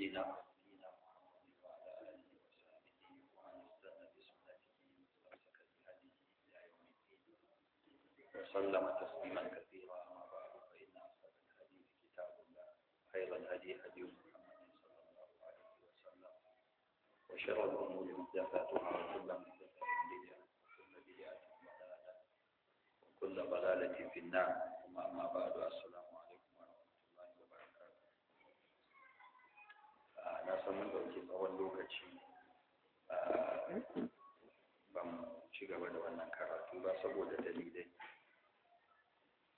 سيدنا محمد وعلى آله وصحبه ومن استنى بسنته واستمسك بهديه إلى يوم الدين وسلم تسليما كثيرا أما بعد فإن أصدق الحديث كتاب الله خير الهدي هدي محمد صلى الله عليه وسلم وشر الأمور محدثاتها وكل محدثة بدعة وكل بدعة ضلالة وكل ضلالة في النار ثم أما بعد أصدق saboda dalilai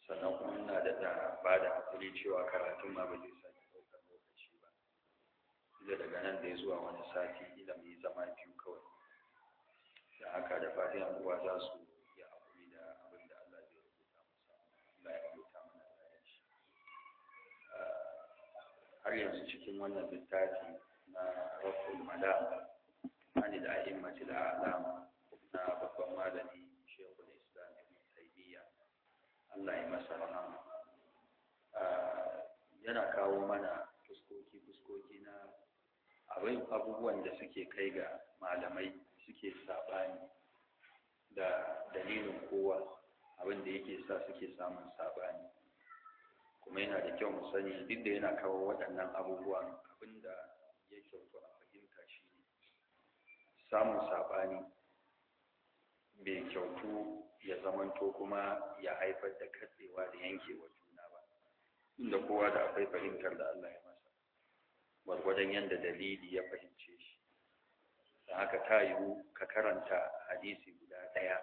sannan kuma ina da da ba da hakuri cewa karatun ma ba zai sake ɗaukar lokaci ba ila daga nan da ya zuwa wani sati ila mai zama biyu kawai da haka da fatan uwa za su yi hakuri da abin da Allah zai rubuta masa Allah ya rubuta mana bayan shi ah, har yanzu cikin wannan littafi na raful mala ani da a'immatil alama, na babban malami Allah ya masa rahama ah, yana kawo mana fuskoki fuskoki na abin abubuwan da suke kai ga malamai suke sabani da dalilin kowa abin da yake sa suke samun sabani kuma yana da kyau mu sani duk da yana kawo waɗannan abubuwan abin da ya kyautu a fahimta shi samun sabani bai kyautu ya zamanto kuma ya haifar da katsewa da yankewa juna ba inda kowa da akwai fahimtar da Allah ya masa gwargwadon yadda dalili ya fahimce shi da haka ta yiwu ka karanta hadisi guda ɗaya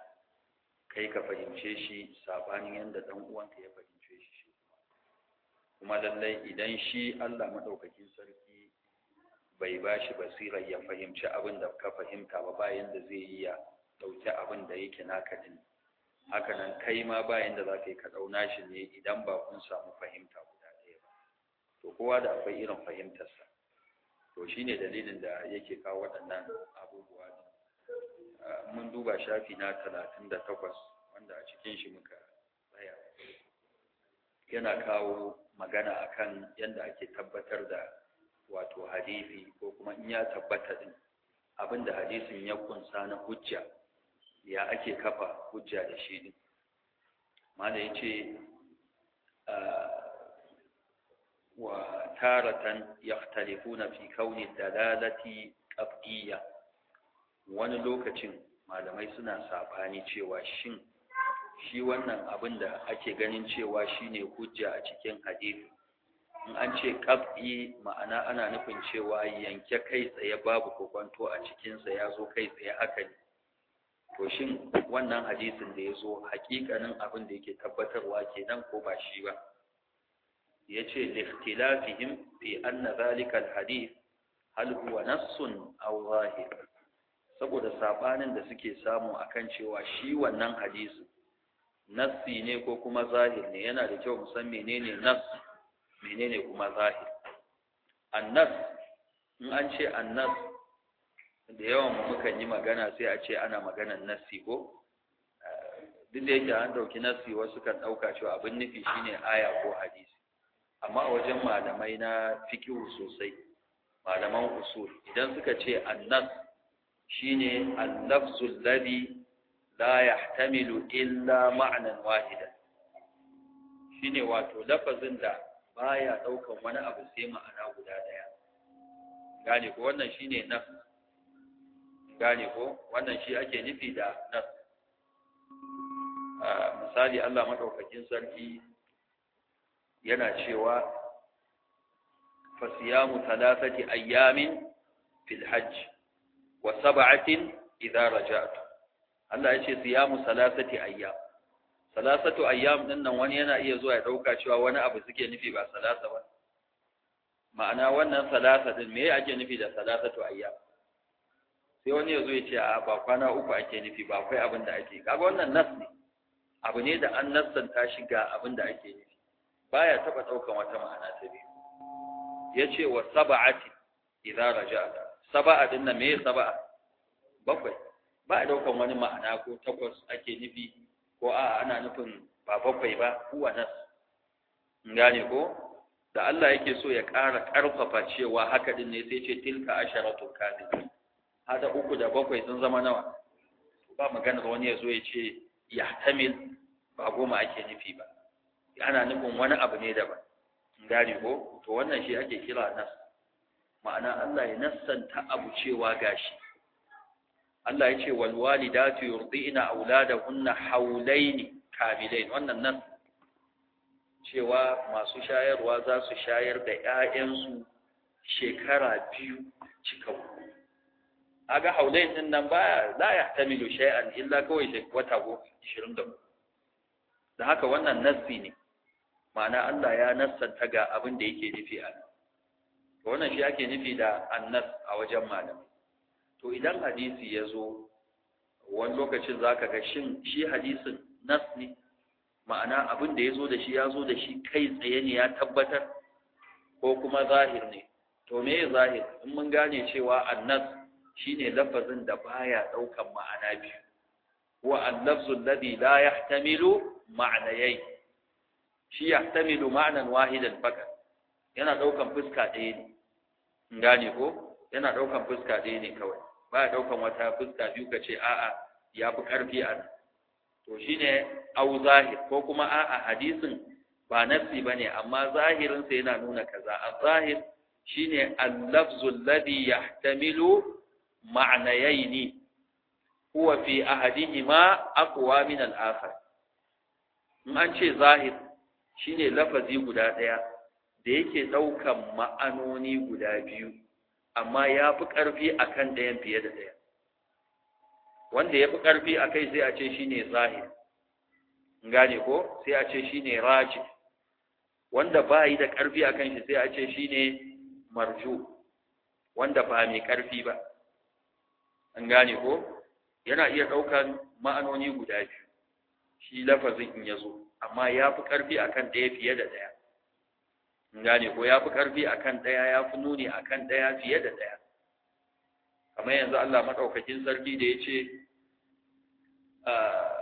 kai ka fahimce shi sabanin yadda ɗan uwanka ya fahimce shi shi kuma lallai idan shi Allah maɗaukakin sarki bai ba shi basirar ya fahimci abin da ka fahimta ba bayan da zai yi ya ɗauki abin da yake naka din haka nan kai ma bayan da za ka yi ka ɗauna shi ne idan ba kun samu fahimta guda ɗaya ba to kowa da akwai irin fahimtarsa to shi ne dalilin da yake kawo waɗannan abubuwa ah, mun duba shafi na talatin da takwas wanda a cikin shi muka tsaya yana kawo magana kan yadda ake tabbatar da wato hadisi ko kuma in ya tabbata din abinda hadisin ya kunsa na hujja ya ake kafa hujja da shi din malam yace wa taratan yakhtalifuna fi kauni dalalati qat'iyya wani lokacin malamai suna sabani cewa shin shi wannan abin da ake ganin cewa shine hujja a cikin hadisi in an ce qat'i ma'ana ana nufin cewa yanke kai tsaye babu kokonto a cikinsa ya zo kai tsaye haka ne to shin wannan hadisin da ya zo hakikanin abin da yake tabbatarwa kenan ko ba shi ba ya ce liftilafihim fi anna zalika alhadith hal huwa nassun aw zahir saboda sabanin da suke samu akan cewa shi wannan hadisi nassi ne ko kuma zahir ne yana da kyau musan san menene nass menene kuma zahir annas in an ce annas da yawan mu mukan yi magana sai a ce ana maganan nassi ko duk da yake an dauki nassi wasu kan dauka cewa abin nufi shine aya ko hadisi amma a wajen malamai na fikihu sosai malaman usul idan suka ce annas shine al-lafzu alladhi la yahtamilu illa ma'nan wahida shine wato lafazin da baya daukan wani abu sai ma'ana guda daya gane ko wannan shine nafs gane ko wannan shi ake nufi da nas ah, misali Allah madaukakin sarki yana cewa fasiyamu thalathati ayyamin fil hajj wa sab'atin idza raja'tu Allah ya ce siyamu salasati ayyam salasatu ayyam din nan wani yana iya zuwa ya dauka cewa wani abu suke nufi ba salasa ba ma'ana wannan salasa din me ake nufi da salasatu ayyam sai wani ya zo ya ce a ba kwana uku ake nufi ba akwai abin da ake kaga wannan nas ne abu ne da an nassanta shi ga abin da ake nufi baya taba daukan wata ma'ana ta biyu Ya ce wa saba'ati idza raja'ta saba'a din nan me saba'a? bakwai ba a daukan wani ma'ana ko takwas ake nufi ko a ana nufin ba bakwai ba huwa nas gane ko da Allah yake so ya ƙara ƙarfafa cewa haka din ne sai ce tilka asharatu kamil hada uku da bakwai sun zama nawa ba maganar wani ya zo ya ce ya tamil ba goma ake nufi ba ana nufin wani abu ne daban gane ko to wannan shi ake kira nas ma'ana Allah ya nassanta abu cewa gashi Allah ya ce wal walidatu yurdina auladahunna haulaini kamilain wannan nas cewa masu shayarwa za su shayar da ƴaƴansu shekara biyu cikakku aga haulain din nan ba la yahtamilu shay'an illa kawai shi wata go 20 da haka wannan nasbi ne ma'ana Allah ya nassanta ga abin da yake nufi a to wannan shi ake nufi da annas a wajen malamai to idan hadisi ya zo wani lokacin zaka ga shin shi hadisin nas ne ma'ana abin da ya zo da shi ya zo da shi kai tsaye ne ya tabbatar ko kuma zahir ne to me zahir in mun gane cewa annas shine lafazin da baya daukan ma'ana biyu wa al-lafzu alladhi la yahtamilu ma'nayayn shi yahtamilu ma'nan wahidan baka? yana daukan fuska ɗaya ne gane ko yana daukan fuska ɗaya ne kawai baya daukan wata fuska biyu kace a'a ya fi karfi a nan to shine au zahir ko kuma a'a hadisin ba nafsi bane amma zahirin sa yana nuna kaza al-zahir shine al-lafzu alladhi yahtamilu ma'anayaini huwa fi ahadihima aqwa min al-akhar in an ce zahir shine lafazi guda daya da yake daukan ma'anoni guda biyu amma ya fi ƙarfi akan dayan fiye da daya wanda ya fi ƙarfi a kai sai a ce shine zahir gane ko sai a ce shine raji wanda ba yi da ƙarfi akan shi sai a ce shine marju wanda ba mai ƙarfi ba an gane ko yana iya ɗaukan ma'anoni guda biyu shi lafazin in ya zo amma ya fi ƙarfi a kan ɗaya fiye da ɗaya in gane ko ya fi ƙarfi a kan ɗaya ya fi nuni a kan ɗaya fiye da ɗaya kamar yanzu Allah maɗaukakin sarki da ya ce ah,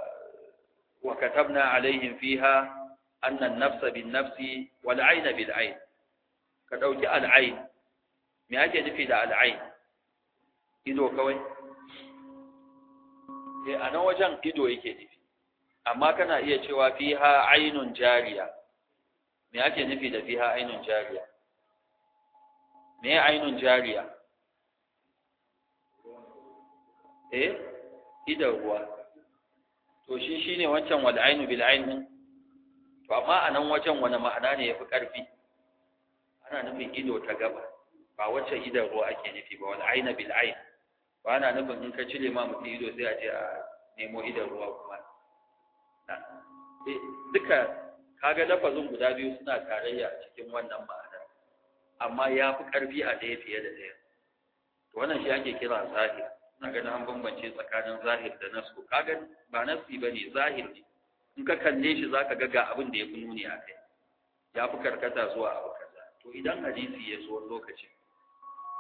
wa katabna alaihim fiha annan nafsa bin nafsi wal aina bil ain ka ɗauki al'ain me ake nufi da al'ain ido kawai sai eh, a nan wajen ido yake nufi amma kana iya cewa fiha ainun jariya me ake nufi da fiha ainun jariya me ainun jariya eh idan ruwa to shi shine wancan wal ainu bil ainu to amma a nan wajen wani ma'ana ne yafi karfi ana nufin ido ta gaba ba wacce idan ruwa ake nufi ba wal ainu bil ainu ba na nufin in ka cire ma mutum ido sai a ce a nemo idan ruwa kuma eh, duka kaga lafazin guda biyu suna tarayya a cikin wannan ma'ana amma ya fi ƙarfi a ɗaya fiye da ɗaya wannan shi ake kira zahir na ganin an bambance tsakanin zahir da nasu kaga ba nasi ba ne zahir ne in ka kalle shi za ka ga ga abin da ya fi nuni a kai ya fi karkata zuwa abu kaza to idan hadisi ya zo lokacin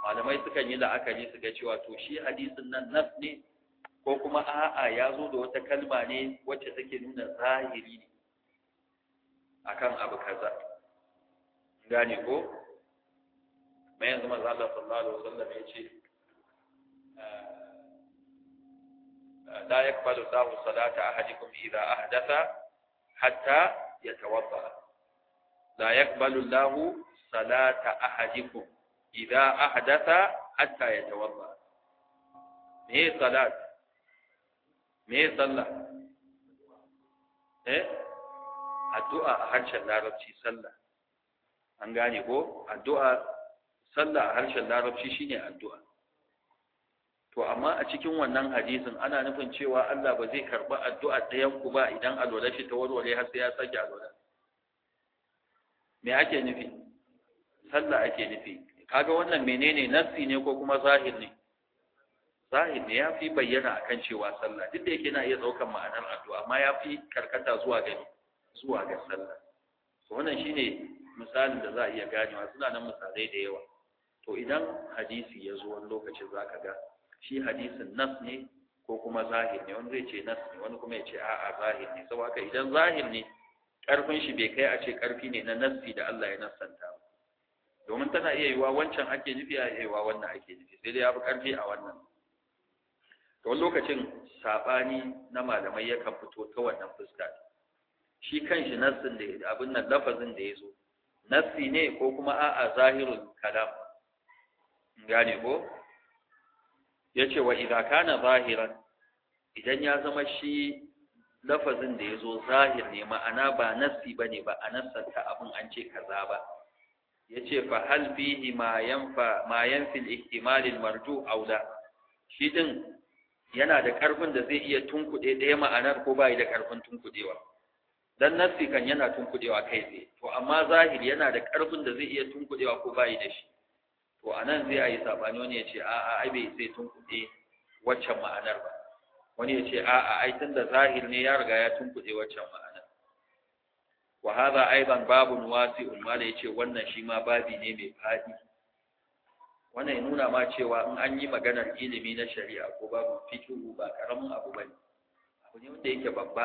malamai sukan yi la'akari su ga cewa to shi hadisin nan nas ne ko kuma a'a ya zo da wata kalma ne wacce take nuna zahiri ne akan abu kaza gane ko mai yanzu manzo Allah sallallahu alaihi wasallam ya ce ah, ah, la yaqbalu Allahu salata ahadikum idha ahdatha hatta yatawadda la yaqbalu Allahu salata ahadikum idza ahdatha hatta yatawadda me salat me sallah eh addu'a a harshen larabci sallah an gane ko addu'a sallah a harshen larabci shine addu'a to amma a cikin wannan hadisin ana nufin cewa Allah ba zai karɓi addu'a ɗayan ku ba idan alwala shi ta warware har sai ya sake alwala me ake nufi sallah ake nufi kaga wannan menene nassi ne ko kuma zahir ne zahir ne ya fi bayyana akan cewa sallah duk da yake na iya ɗaukan ma'anar addu'a amma ya fi karkata zuwa ga zuwa ga sallah to wannan shine misalin da za a iya ganewa suna nan misalai da yawa to idan hadisi ya zo wani lokaci za ka ga shi hadisin nas ne ko kuma zahir ne wani zai ce nas ne wani kuma ya ce a'a zahir ne saboda haka idan zahir ne ƙarfin shi bai kai a ce ƙarfi ne na nassi da Allah ya nassanta ba domin tana iya yiwa wancan ake nufi a iya yiwa wannan ake nufi sai dai ya fi ƙarfi a wannan to wani lokacin saɓani na malamai yakan fito ta wannan fuska shi kanshi nassin da abin nan lafazin da ya zo nassi ne ko kuma a'a zahirul kalam gane ko ya ce wa idan kana zahiran idan ya zama shi lafazin da ya zo zahir ne ma'ana ba nassi bane ne ba a ta abin an ce kaza ba yace fa hal fihi ma yanfa ma yanfi al-ihtimal al-marju aw la shi din yana da karfin da zai iya tunkuɗe ɗaya ma'anar ko bai da karfin tunkudewa dan nafsi kan yana tunkudewa kai tsaye to amma zahir yana da karfin da zai iya tunkudewa ko bai da shi to anan zai ayi sabani wani yace a'a ai bai sai tunkude waccan ma'anar ba wani yace a'a ai tunda zahir ne ya riga ya tunkude waccan ma'anar wa hadha aidan babun wasi'un mala yace wannan shi ma babi ne mai fadi wannan ya nuna ma cewa in an yi maganar ilimi na shari'a ko babu fiqhu ba karamin abu bane abu ne wanda yake babba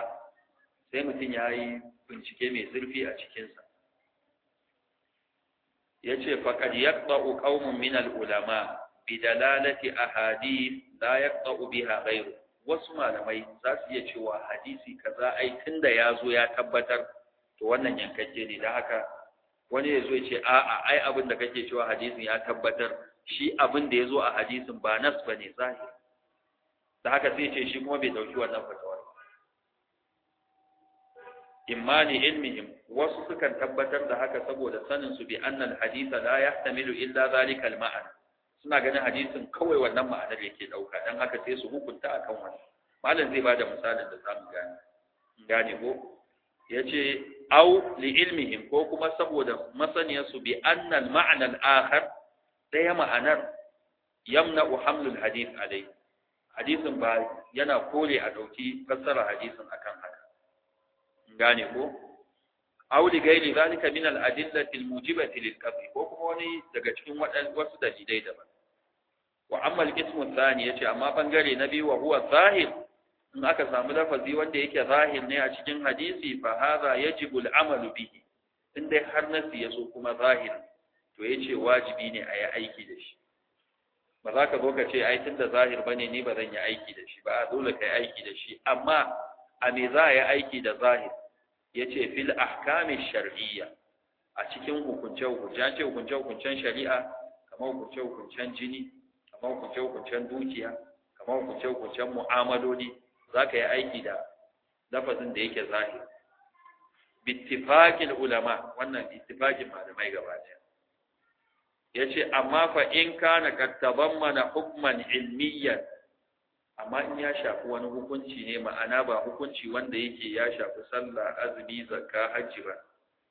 sai mutum ya yi bincike mai zurfi a cikinsa ya ce faƙad ya ɗa'u ƙaunin minal ulama bi dalalati a hadith la ya biha ghairu wasu malamai za su iya cewa hadisi kaza ai tunda ya zo ya tabbatar to wannan yankacce ne don haka wani ya zo ce ce a'a ai abin da kake cewa hadisin ya tabbatar shi abin da ya zo a hadisin ba nas ba ne zahir da haka sai ce shi kuma bai ɗauki wannan fatawa imani ilmihim wasu sukan tabbatar da haka saboda sanin su bi annal hadisa la yahtamilu illa zalika al ma'ana suna ganin hadisin kawai wannan ma'anar yake dauka dan haka sai su hukunta akan wannan malam zai bada misalin da zamu gane gane ko yace aw li ilmihim ko kuma saboda masaniyarsu bi annal ma'anar akhar daya ma'anar yamna hamlul hadith alai hadisin ba yana kore a ɗauki fassara hadisin akan haka gane ko aw li gairi zalika min al adillati al mujibati lil qatl ko kuma wani daga cikin wasu dalilai daban wa amma al qismu thani yace amma bangare na biyu wa huwa zahir in aka samu lafazi wanda yake zahir ne a cikin hadisi fa hadha yajibu al-amalu bihi in dai har nasi ya so kuma zahir to yace wajibi ne a yi aiki da shi ba za ka zo ka ce ai tunda zahir bane ni ba zan yi aiki da shi ba dole kai aiki da shi amma a me za a yi aiki da zahir yace fil ahkami shar'iyya a cikin hukunce hukunce ce hukunce hukuncen shari'a kamar hukunce hukuncen jini kamar hukunce hukuncen dukiya kamar hukunce hukuncen mu'amaloli za ka yi aiki da lafazin da yake zahiri bittifaqil ulama wannan ittifaqin malamai gaba ɗaya ce amma fa in ka na kattaban mana hukman ilmiyyar amma in ya shafi wani hukunci ne ma'ana ba hukunci wanda yake ya shafi sallah azumi zakka hajji ba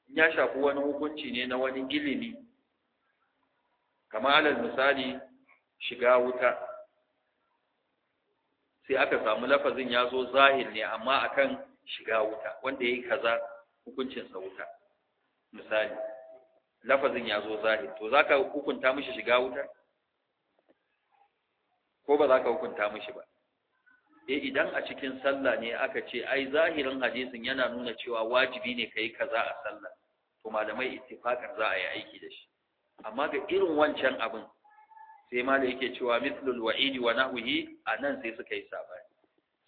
in ya shafi wani hukunci ne na wani ilimi kamar alal misali shiga wuta sai aka samu lafazin ya zo zahir ne amma akan shiga wuta wanda ya yi kaza hukuncinsa wuta misali lafazin ya zo zahir to za ka hukunta mishi shiga wuta ko ba za ka hukunta mishi ba e idan a cikin sallah ne aka ce ai zahirin hadisin yana nuna cewa wajibi ne ka yi kaza a sallah to malamai ittifaqan za a yi aiki da shi amma ga irin wancan abin sai ma da yake cewa mithlul wa'idi wa nahwihi anan sai suka yi sabani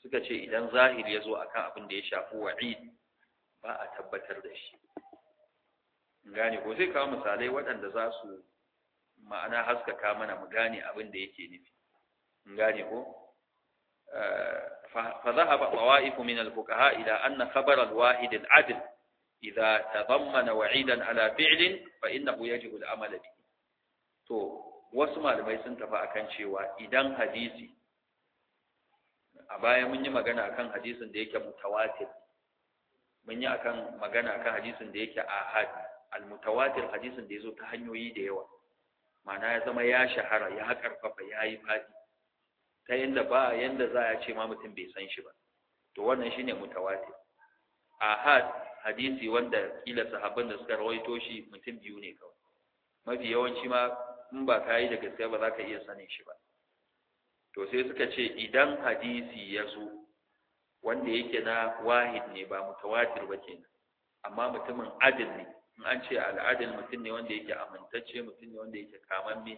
suka ce idan zahir yazo akan abin da ya shafi wa'id ba a tabbatar da shi gane ko sai kawo misalai waɗanda za su ma'ana haskaka mana mu gane abin da yake nufi gane ko eh, ila anna khabar al-wahid al-adl الواحد tadammana wa'idan ala fi'lin fa innahu yajibu al-amal bihi to wasu malamai sun tafi akan cewa idan hadisi a baya mun yi magana akan hadisin da yake mutawatir mun yi akan magana akan hadisin da yake ahad almutawatir hadisin da ya zo ta hanyoyi da yawa ma'ana ya zama ya shahara ya karfafa ya yi fadi ta yanda ba yanda za a ce ma mutum bai san shi ba to wannan shine mutawatir ahad hadisi wanda kila sahabban da suka rawaito shi mutum biyu ne kawai mafi yawanci ma in ba ka yi da gaskiya ba za ka iya sanin shi ba to sai suka ce idan hadisi ya zo wanda yake na wahid ne ba mutawatir ba kenan amma mutumin adil ne in an ce al'adil mutum ne wanda yake amintacce mutum ne wanda yake kamamme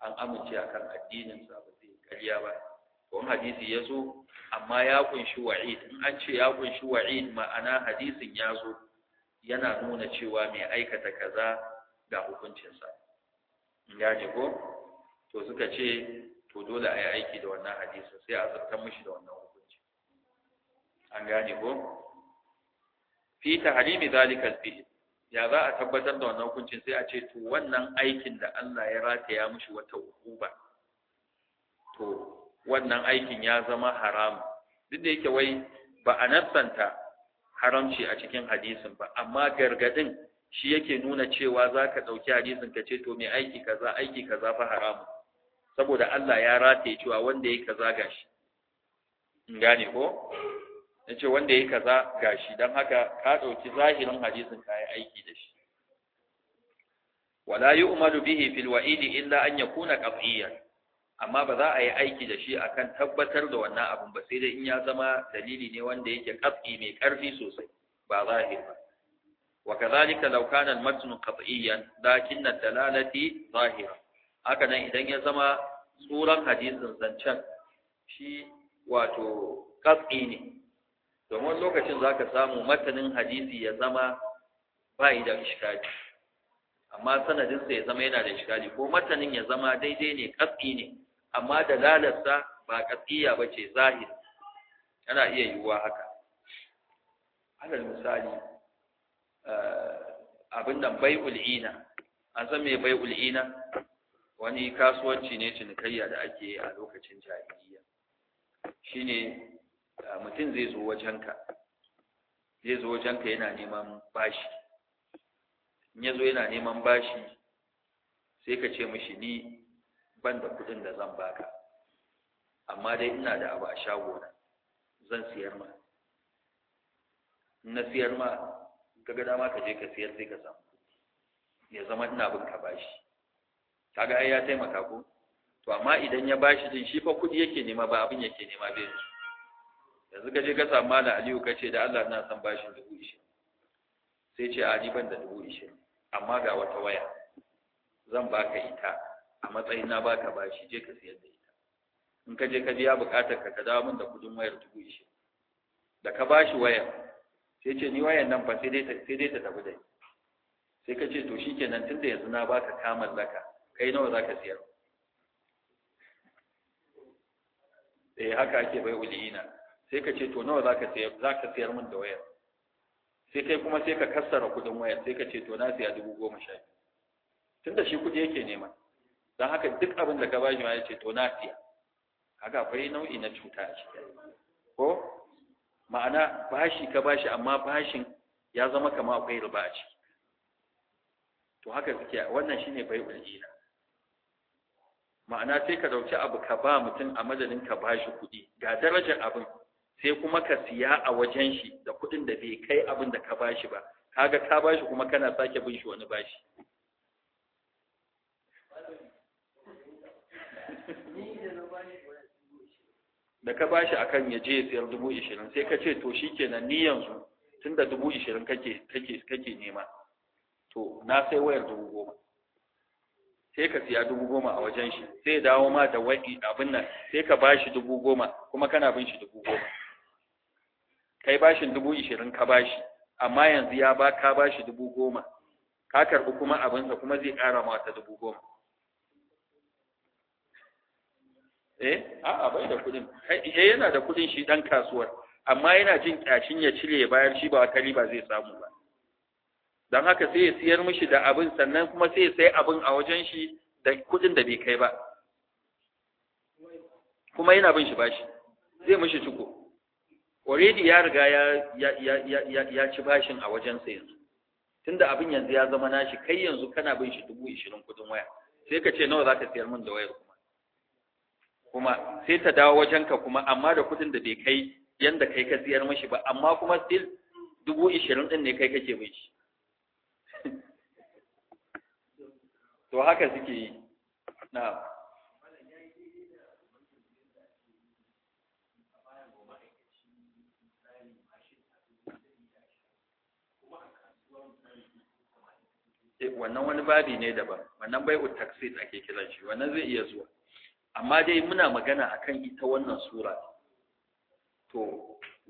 an amince akan addinin sa ba zai karya ba to in hadisi ya zo amma ya kunshi wa'id in an ce ya kunshi wa'id ma'ana hadisin ya zo yana nuna cewa mai aikata kaza ga hukuncinsa ya gane ko to suka ce to dole a yi aiki da wannan hadisin sai a zartar mishi da wannan hukunci an gane ko fi halimi zalika ya za a tabbatar da wannan hukuncin sai a ce to wannan aikin da Allah ya rataya mishi wata hukuba to wannan aikin ya zama haram duk da yake wai ba a nassanta haramci a cikin hadisin ba amma gargadin shi yake nuna cewa za ka ɗauki hadisin ka ce to mai aiki kaza aiki kaza fa haramu saboda Allah ya rataye cewa wanda ya kaza gashi in gane ko ce wanda ya kaza gashi don haka ka ɗauki zahirin hadisin ka yi aiki da shi wala yu'malu bihi fil wa'idi illa an yakuna qat'iyan amma ba za a yi aiki da shi akan tabbatar da wannan abin ba sai dai in ya zama dalili ne wanda yake qat'i mai ƙarfi sosai ba zahiri ba وكذلك لو كان المتن قطعيا لكن nan idan ya zama يزم hadisin zancen shi wato واتو ne, domin lokacin za ka samu matanin hadisi ya zama bai da iskali amma sanadinsa ya zama yana da iskali ko matanin ya zama daidai ne katsi ne amma dalalarsa ba katsiya ba ce zahiri yana iya yiwuwa haka alal misali Eh, abin nan bai ul'ina an san me bai ul'ina wani kasuwanci ne cinikayya da ake a lokacin jahiliya shine eh, mutum zai zo wajenka zai zo wajenka yana neman bashi in ya zo yana neman bashi sai ka ce mishi ni ban da kuɗin da zan baka amma dai ina da abu a shagona zan siyar ma na siyar ma kaga dama ka je ka siyar sai ka samu ya zama ina bin ka bashi kaga ai ya taimaka ko to amma idan ya bashi din shi fa kudi yake nema ba abin yake nema bai yanzu yanzu ka je ka samu mala aliyu ka ce da Allah ina son bashin dubu ishirin sai ce a ni ban da dubu ishirin amma ga wata waya zan baka ita a matsayin na baka bashi je ka siyar da ita in ka je ka biya bukatar ka ka dawo min da kudin wayar dubu ishirin da ka bashi wayar sai ce ni wayan nan fa sai dai sai dai ta tafi dai sai ka ce to shikenan tunda yanzu na baka kamar zaka kai nawa zaka siyar eh haka ake bai ulina sai ka ce to nawa zaka siyar zaka siyar min da wayar sai kai kuma sai ka kassara kudin wayar sai ka ce to na siya dubu goma sha tunda shi kudi yake nema dan haka duk abin da ka bashi ma ya ce to na siya haka akwai nau'i na cuta a ciki ko ma'ana bashi ka bashi amma bashin ya zama kama akwai riba a ciki to haka suke wannan shine bai ulina ma'ana sai ka dauki abu ka ba mutum a madadin ka bashi kuɗi ga darajar abin sai kuma ka siya a wajen shi da kuɗin da bai kai abin da ka bashi ba kaga ka bashi kuma kana sake bin shi wani bashi da ka bashi akan ya je ya dubu ishirin sai ka ce to shi kenan ni yanzu tunda dubu ishirin kake kake kake nema to na sai wayar dubu goma sai ka siya dubu goma a wajen shi sai dawo ma da wa'i abin nan sai ka bashi dubu goma kuma kana bin shi dubu goma kai bashin dubu ishirin ka bashi amma yanzu ya ba ka bashi dubu goma ka karɓi kuma abinsa kuma zai ƙara ma wata dubu goma eh a'a bai da kuɗin eh yana da kuɗin shi dan kasuwar amma yana jin kashin ya cire ya bayar shi ba wakali riba zai samu ba dan haka sai ya siyar mishi da abin sannan kuma sai ya sai abin a wajen shi da kuɗin da bai kai ba kuma yana bin shi bashi zai mishi ciko already ya riga ya ya ci bashin a wajensa yanzu tunda abin yanzu ya zama nashi kai yanzu kana bin shi dubu ishirin kuɗin waya sai ka ce nawa zaka siyar min da wayar kuma sai ta dawo wajenka kuma amma da kudin da bai kai yanda kai ka ziyar mashi ba amma kuma still dubu ishirin din ne kai kake mai shi to haka suke yi na eh, wannan wani babi ne daban wannan bai utaksi ake kiran shi wannan zai iya zuwa amma dai muna magana akan ita wannan sura to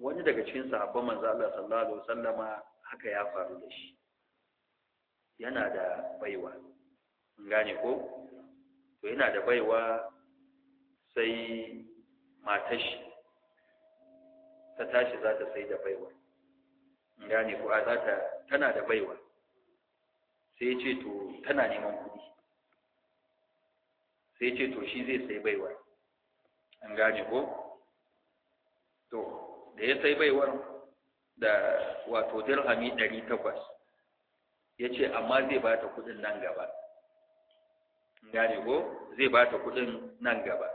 wani daga cikin sahabban manzo Allah sallallahu alaihi wasallama haka ya faru da shi yana da baiwa gane ko to yana da baiwa sai matar shi ta tashi za ta sai da baiwa gane ko a za ta tana da baiwa sai ce to tana neman kuɗi sai ce to shi zai sai baiwar an gane ko to da ya sai baiwar da wato dirhami ɗari takwas ya ce amma zai ba ta kuɗin nan gaba an gane ko zai ba ta kuɗin nan gaba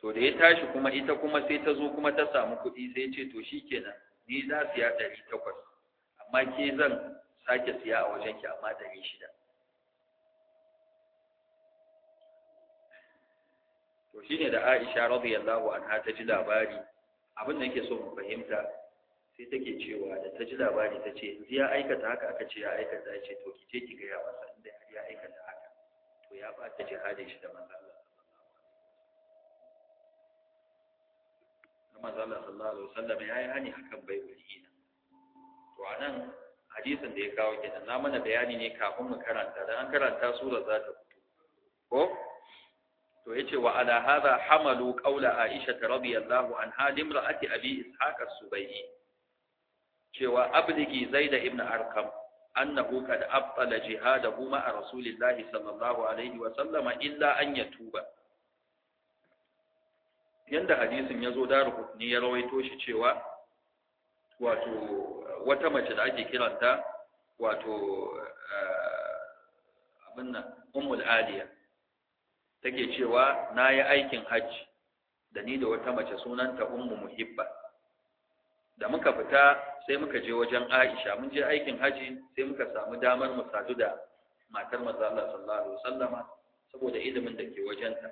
to da ya tashi kuma ita kuma sai ta zo kuma ta samu kuɗi sai ce to shi kenan ni za siya ɗari takwas amma ke zan sake siya a wajenki amma ɗari shida to shine da Aisha radiyallahu anha ta ji labari abin da yake so mu fahimta sai take cewa da ta ji labari ta ce in ya aikata haka aka ce ya aikata ya ce to ki je ki gaya masa inda ya aikata haka to ya ba ta jihadin shi da manzo Allah Allah sallallahu alaihi wasallam ya yi hani akan baibul hina to anan hadisin da ya kawo kenan na mana bayani ne kafin mu karanta dan an karanta sura za ta fito ko to yace wa ala hadha hamalu qawla aisha radiyallahu anha limra'ati abi ishaq as-subayi cewa abligi zaid ibn arkam annahu qad abtala jihadahu ma'a rasulillahi sallallahu alaihi wa sallama illa an yatuba yanda hadisin zo da rukuni ya rawaito shi cewa wato wata mace da ake kiranta wato eh, abin nan ummul aliya take cewa na yi aikin hajji da ni da wata mace sunanta ummu muhibba da muka fita sai muka je wajen aisha mun je aikin hajji sai muka samu damar mu sadu da matar manzo Allah sallallahu alaihi wasallama saboda ilimin da ke wajenta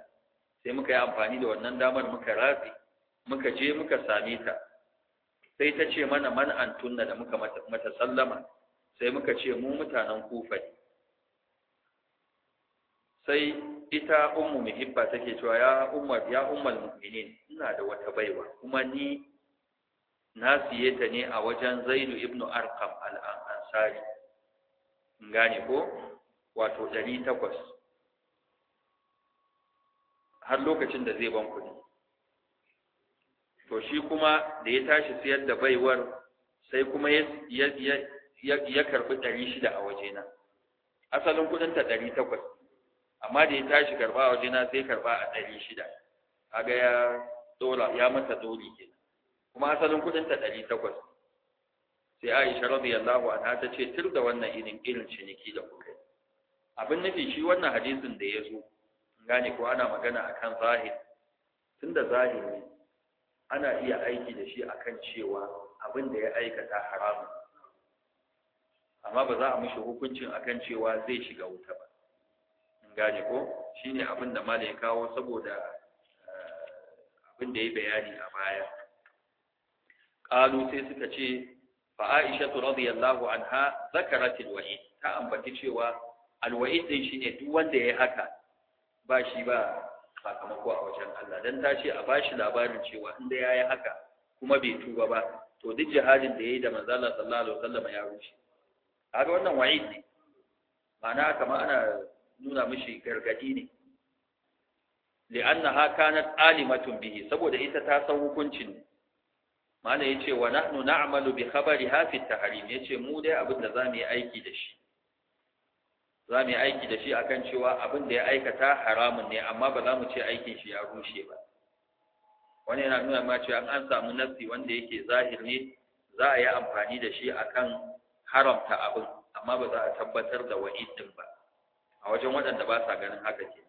sai muka yi amfani da wannan damar muka ratsi muka je muka same ta sai ta ce mana man antunna da muka mata sallama sai muka ce mu mutanen kufa sai ita ummu muhibba take cewa ya ummar ya ummal mu'minin ina da wata baiwa kuma ni na siye ta ne a wajen Zaidu ibn Arqam al-Ansari in ko wato 800 har lokacin da zai ban kuɗi to shi kuma da ya tashi siyar da baiwar sai kuma ya karɓi karbi shida a wajena asalin kuɗinta ta takwas amma da ya tashi karba a wajena sai karba a ɗari shida kaga ya dola ya mata doli kenan kuma asalin kuɗin ta ɗari takwas sai Aisha radiyallahu anha ta ce tur da wannan irin irin ciniki da kuka abin nufi shi wannan hadisin da ya zo gane ko ana magana akan zahir tunda zahiri ana iya aiki da shi akan cewa abin da ya aikata haramun amma ba za a mishi hukuncin akan cewa zai shiga wuta ba gane ko shine abin da malai kawo saboda eh, abin da ya bayani a baya qalu sai suka ce fa Aisha radiyallahu anha zakarat alwa'id ta ambaci cewa alwa'id din shine duk wanda yayi haka ba shi ba sakamako a wajen Allah dan ta ce a bashi labarin cewa inda yayi haka kuma bai tuba ba to duk jihadin da yayi da manzo Allah sallallahu alaihi wasallam ya rushe haka wannan wa'id ne ma'ana kamar ana nuna mishi gargadi ne li'annaha kanat alimatun bihi saboda ita ta san hukuncin mana yace wa nahnu na'malu bi khabariha fi tahrim yace mu dai abin da zamu yi aiki da shi zamu yi aiki da shi akan cewa abin da ya aikata haramun ne amma ba za mu ce aikin shi ya rushe ba wani yana nuna ma cewa an samu nafsi wanda yake zahiri ne za a yi amfani da shi akan haramta abin amma ba za a tabbatar da wa'idin ba a wajen waɗanda ba sa ganin haka ke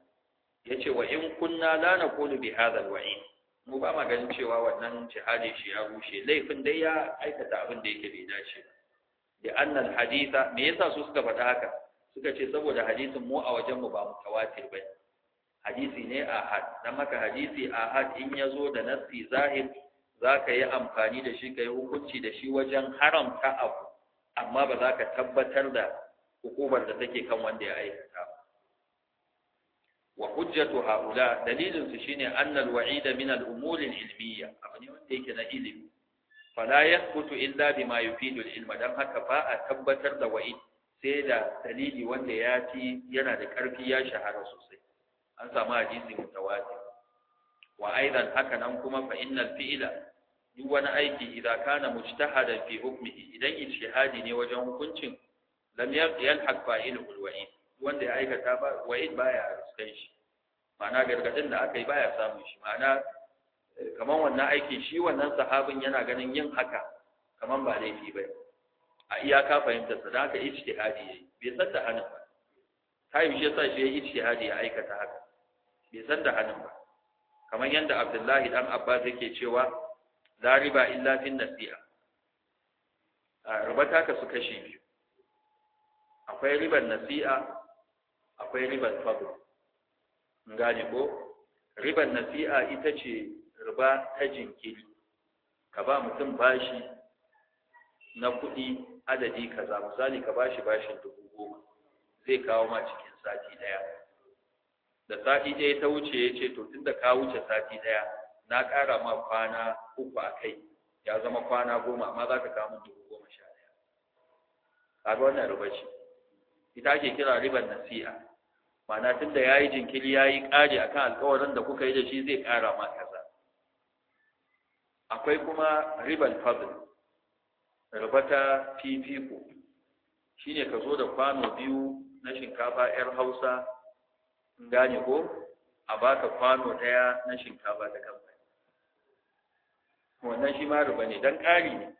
yace wa in kunna la naqulu bi hadha alwa'id mu ba ma ganin cewa wannan jihadi shi ya rushe laifin dai ya aikata abin da yake bai dace ba da annal haditha me yasa su suka faɗa haka suka ce saboda hadisin mu a wajen mu ba mutawatir bane hadisi ne ahad dan maka hadisi ahad in ya zo da nassi zahir zaka yi amfani da shi kai hukunci da shi wajen haramta abu amma ba za ka tabbatar da hukumar da take kan wanda ya aikata wa hujjatu haula dalilin su shine annal wa'ida min al umuri al ilmiya abin wanda yake na ilimi fala yathbutu illa bima yufidu al ilma dan haka ba a tabbatar da wa'id sai da dalili wanda ya yana da karfi ya shahara sosai an samu hadisi mutawatir wa aidan haka nan kuma fa innal fi'la duk wani aiki idan kana mujtahadan fi hukmihi idan ijtihadi ne wajen hukuncin lam yalhaq fa'iluhu alwa'id wanda ya aikata ba wa'id baya riskan shi ma'ana gargadin da aka yi baya samun shi ma'ana eh, kamar wannan aikin shi wannan sahabin yana ganin yin haka kamar ba laifi ba a iyaka ka sa da haka ijtihadi yayi bai san da hanin ba kai shi yasa shi yayi ijtihadi ya aikata haka bai san da hanin ba kamar yadda Abdullahi dan Abbas yake cewa la riba illa fin nasi'a rubata ka su kashi biyu akwai ribar nasi'a akwai ribar fadl gane ko ribar nasi'a ita ce riba ta jinkiri ka ba mutum bashi na kuɗi adadi kaza misali ka bashi bashin dubu goma zai kawo ma cikin sati ɗaya da sati ɗaya ta wuce ya ce to tunda ka wuce sati ɗaya na ƙara ma kwana uku a kai ya zama kwana goma amma za ka kawo min dubu goma sha ɗaya kaga wannan riba ce ita ake kira riban nasi'a ma'ana tunda yayi jinkiri yayi kare akan alƙawarin da kuka yi da shi zai ƙara ma kaza akwai kuma riban fadl rubata fifiko shine ka zo da kwano biyu na shinkafa yar Hausa gane ko a baka kwano daya na shinkafa ta kamfani wannan shi ma riba ne dan ƙari ne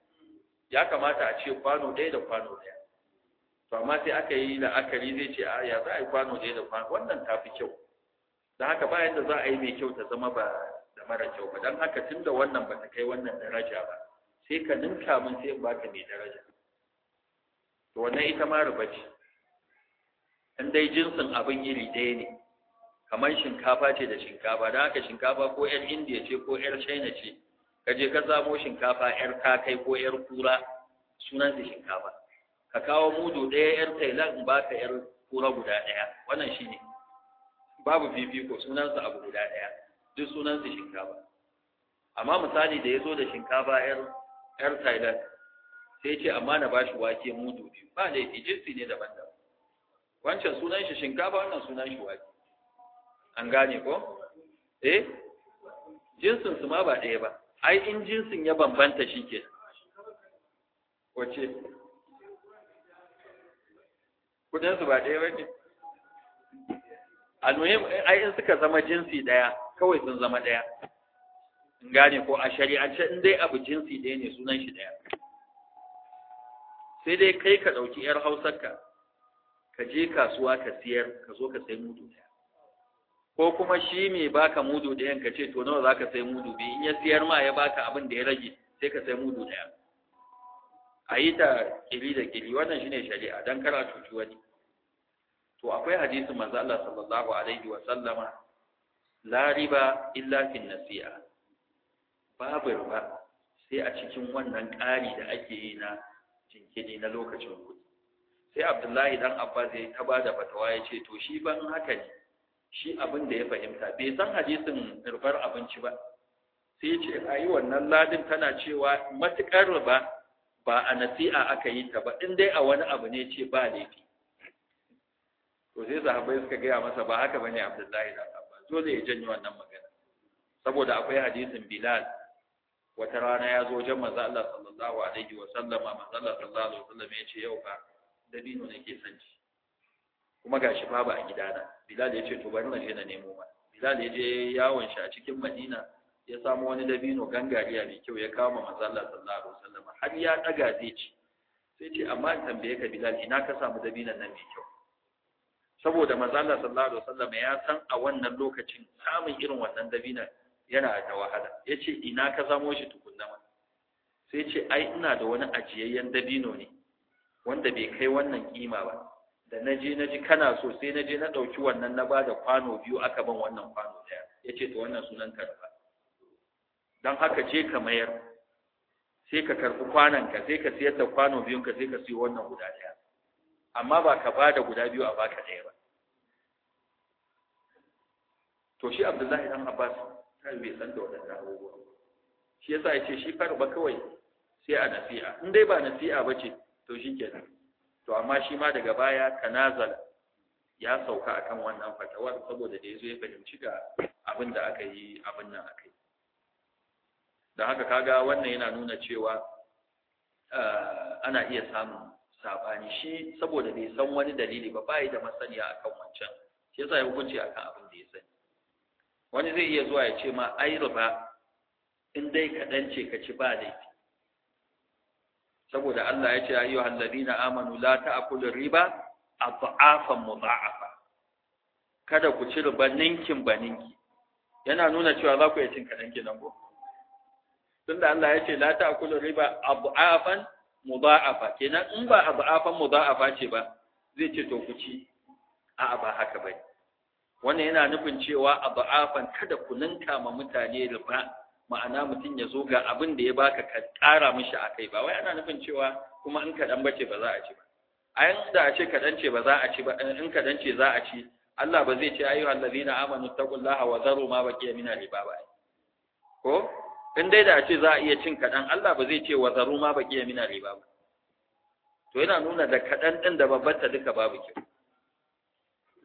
ya kamata a ce kwano ɗaya da kwano ɗaya ba ma sai aka yi la'akari zai ce a ya za a yi kwano ɗaya da kwano wannan ta fi kyau da haka ba yadda za a yi mai kyau ta zama ba da mara kyau ba don haka tun da wannan ba ta kai wannan daraja ba sai ka ninka min sai in baka mai daraja to wannan ita ma riba ce in dai jinsin abin iri ɗaya ne kamar shinkafa ce da shinkafa don haka shinkafa ko 'yar indiya ce ko 'yar china ce ka je ka samo shinkafa 'yar kakai ko 'yar kura sunan shinkafa ka kawo mudu ɗaya ƴar taila in ba ka ƴar kura guda ɗaya wannan shi ne babu fifiko sunansa abu guda ɗaya duk sunansa shinkafa amma misali da ya zo da shinkafa ƴar ƴar taila sai ce amma na bashi wake mudu biyu ba laifi jinsi ne daban-daban wancan sunan shi shinkafa wannan sunan shi wake an gane ko eh jinsin su ma ba ɗaya ba ai in jinsin ya bambanta shi ke wace kudin su ba ɗaya ba ne ai in suka zama jinsi ɗaya kawai sun zama ɗaya in gane ko a shari'ance in dai abu jinsi ɗaya ne sunan shi ɗaya sai dai kai ka ɗauki 'yar hausar ka je kasuwa ka siyar ka zo ka sai mudu ɗaya ko kuma shi mai baka mudu ɗayan ka ce to nawa za ka sai mudu biyu in ya siyar ma ya baka abin da ya rage sai ka sai mudu ɗaya a yi ta kili da kili wannan shine shari'a dan karatu a cuci to akwai hadisin manzo Allah sallallahu alaihi wa sallama la riba illa fi nasi'a babu riba sai a cikin wannan ƙari da ake yi na jinkiri na lokacin kuɗi sai Abdullahi dan Abba ya ta bada fatawa ya ce to shi ban haka ne shi abin da ya fahimta bai san hadisin rubar abinci ba sai ya ce ayi wannan ladin tana cewa matukar riba ba a nasi'a aka yi ta ba in dai a wani abu ne ce ba laifi to sai sahabbai suka gaya masa ba haka bane Abdullahi da Abbas dole ya janyo wannan magana saboda akwai hadisin Bilal wata rana ya zo wajen manzo Allah sallallahu alaihi wa sallama manzo Allah sallallahu alaihi wa sallama ya ce yau ka dabino nake son ci kuma gashi shi ba a gidana Bilal ya ce to bari na je na nemo ma Bilal ya je yawon shi a cikin Madina ya samu wani dabino gangariya mai kyau ya kama mazalla sallallahu alaihi wasallam har ya daga zai ci sai ce amma in tambaye ka Bilal ina ka samu dabinan nan mai kyau saboda mazalla sallallahu alaihi wasallam ya san a wannan lokacin samun irin wannan dabinan yana da wahala yace ina ka zamo shi tukunna ma sai ce ai ina da wani ajiyayyen dabino ne wanda bai kai wannan kima ba da na je na ji kana so sai na je na ɗauki wannan na bada kwano biyu aka ban wannan kwano ɗaya ya ce to wannan sunan karfa. don haka je ka mayar sai ka karɓi kwananka sai ka siyar da kwano biyun ka sai ka siyo wannan guda ɗaya amma ba ka ba da guda biyu a baka ɗaya ba to shi abdullahi dan abbas kan bai san da waɗannan abubuwa shi yasa ya ce shi fara ba kawai sai a nasi'a in dai ba nasi'a ba ce to shi kenan to amma shi ma daga baya tanazala ya sauka akan wannan fatawar saboda da yazo ya fahimci ga abin da aka yi abin nan aka yi da haka kaga wannan yana nuna cewa eh, ana iya samun sabani shi saboda bai san wani dalili ba bai da masaniya akan wancan shi yasa ya hukunci akan abin da ya sani wani zai iya zuwa ya ce ma ai riba in dai kaɗan ce ka ci ba laifi saboda Allah ya ce ya hallabina na amanu la ta'kulu riba adhafan mudha'afa kada ku ci riba ninkin ba yana nuna cewa za ku iya cin kaɗan kenan ko tunda Allah ya ce la ta'kulu riba ab'afan mudha'afa kenan in ba ab'afan mudha'afa ce ba zai ce to ku ci a'a ba haka bai wannan yana nufin cewa ab'afan kada ku ninka ma mutane riba ma'ana mutum ya zo ga abin da ya baka ka ƙara mishi akai ba wai ana nufin cewa kuma in kaɗan bace ba za a ci ba a yan da a ce kaɗan ce ba za a ci ba in kaɗan ce za a ci Allah ba zai ce ayyuhal ladina amanu taqullaha wa zaru ma baqiya min riba ba ko in dai da a ce za a iya cin kaɗan Allah ba zai ce wa zaru ma baki ya mina riba ba to yana nuna da kaɗan ɗin da babbar ta duka babu kyau